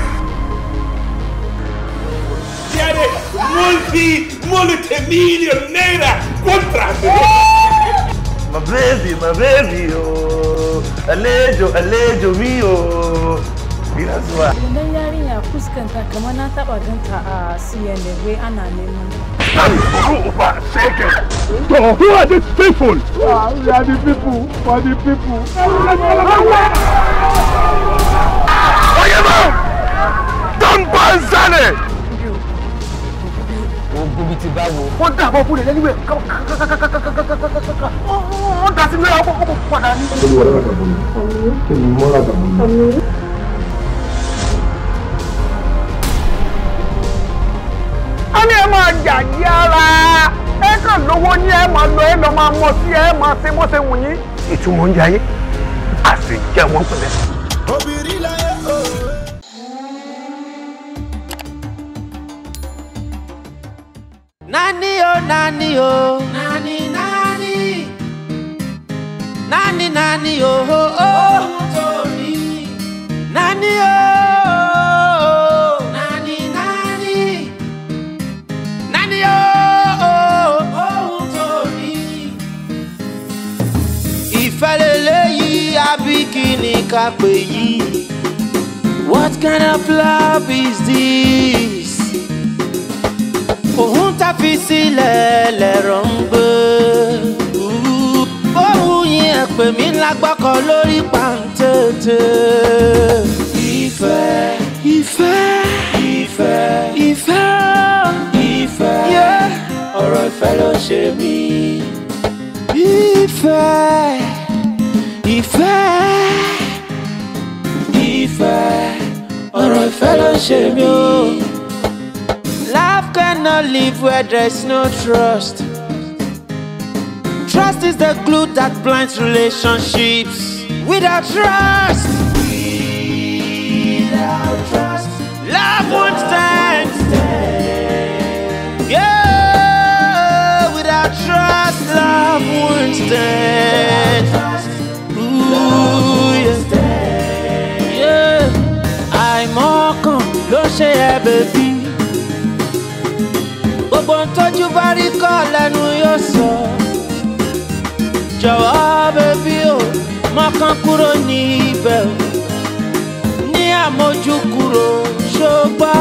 Get it! multimillionaire contra Mabezi, mabezi oh. alejo, alejo mio, ina zuwa. Idan yarinya fuskanta kamar na taba ganta a ah, CNN wai ana neman. Uba, who are these people? Ah, we are the people, for the people. Oyeba! Don Banzane! níbi tí báwo. wọ́n dà bọ́ fúnlẹ̀ lẹ́nu ẹ̀ wọ́n dà sí ilé ọkọ̀ ọkọ̀ padà ní. olùwọlé àgbàbọ̀ mi èmi mọ́ra àgbàbọ̀ mi. a ní ẹ máa jàjí ara ẹ kàn lówó ní ẹ máa lọ ẹ lọ máa mọ sí ẹ máa ṣe mọ́ṣẹ́ wù yín. ìtumọ̀ ń jayé àṣejẹ́ wọn pẹ̀lẹ́. Nani o, oh, nani o. Oh. Nani, nani. Nani, nani o. Oh, oh. oh. Nani o. Nani, nani. Nani o. Ìfẹ́ lèléyìí àbí kí ni ká pè yìí? What kind of love is this? ohun tá fi sílẹ̀ lẹ̀rọ ń gbé bóun yín ẹ̀ pè mí lágbọ́kọ lórí pàǹtẹ̀tẹ̀. ìfẹ́ ìfẹ́ ìfẹ́ ìfẹ́ ìfẹ́ ọ̀rọ̀ ìfẹ́ ló ṣe mí. ìfẹ́ ìfẹ́ ìfẹ́ ọ̀rọ̀ ìfẹ́ ló ṣe mí. cannot live where there's no trust. Trust is the glue that blinds relationships. Without trust, without trust, love won't stand. Yeah, without trust, love won't stand. Ooh, yeah. yeah, I'm all gone. Don't share, baby. bá rí kọ́ yóò sọ. jọ̀wọ́ bèbí o mọ́kàn kúrò ní ibẹ̀ o ní àmójú kúrò ṣọgbà.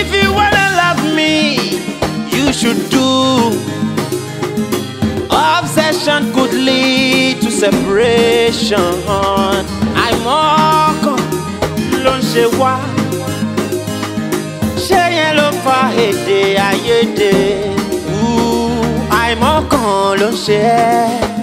If you wanna love me, you should do. Obsession could lead to separation. Àìmọ̀ọ́kàn ló ń ṣe wá fa èdè àìyedè àìmọ̀kan ló ṣe ẹ́.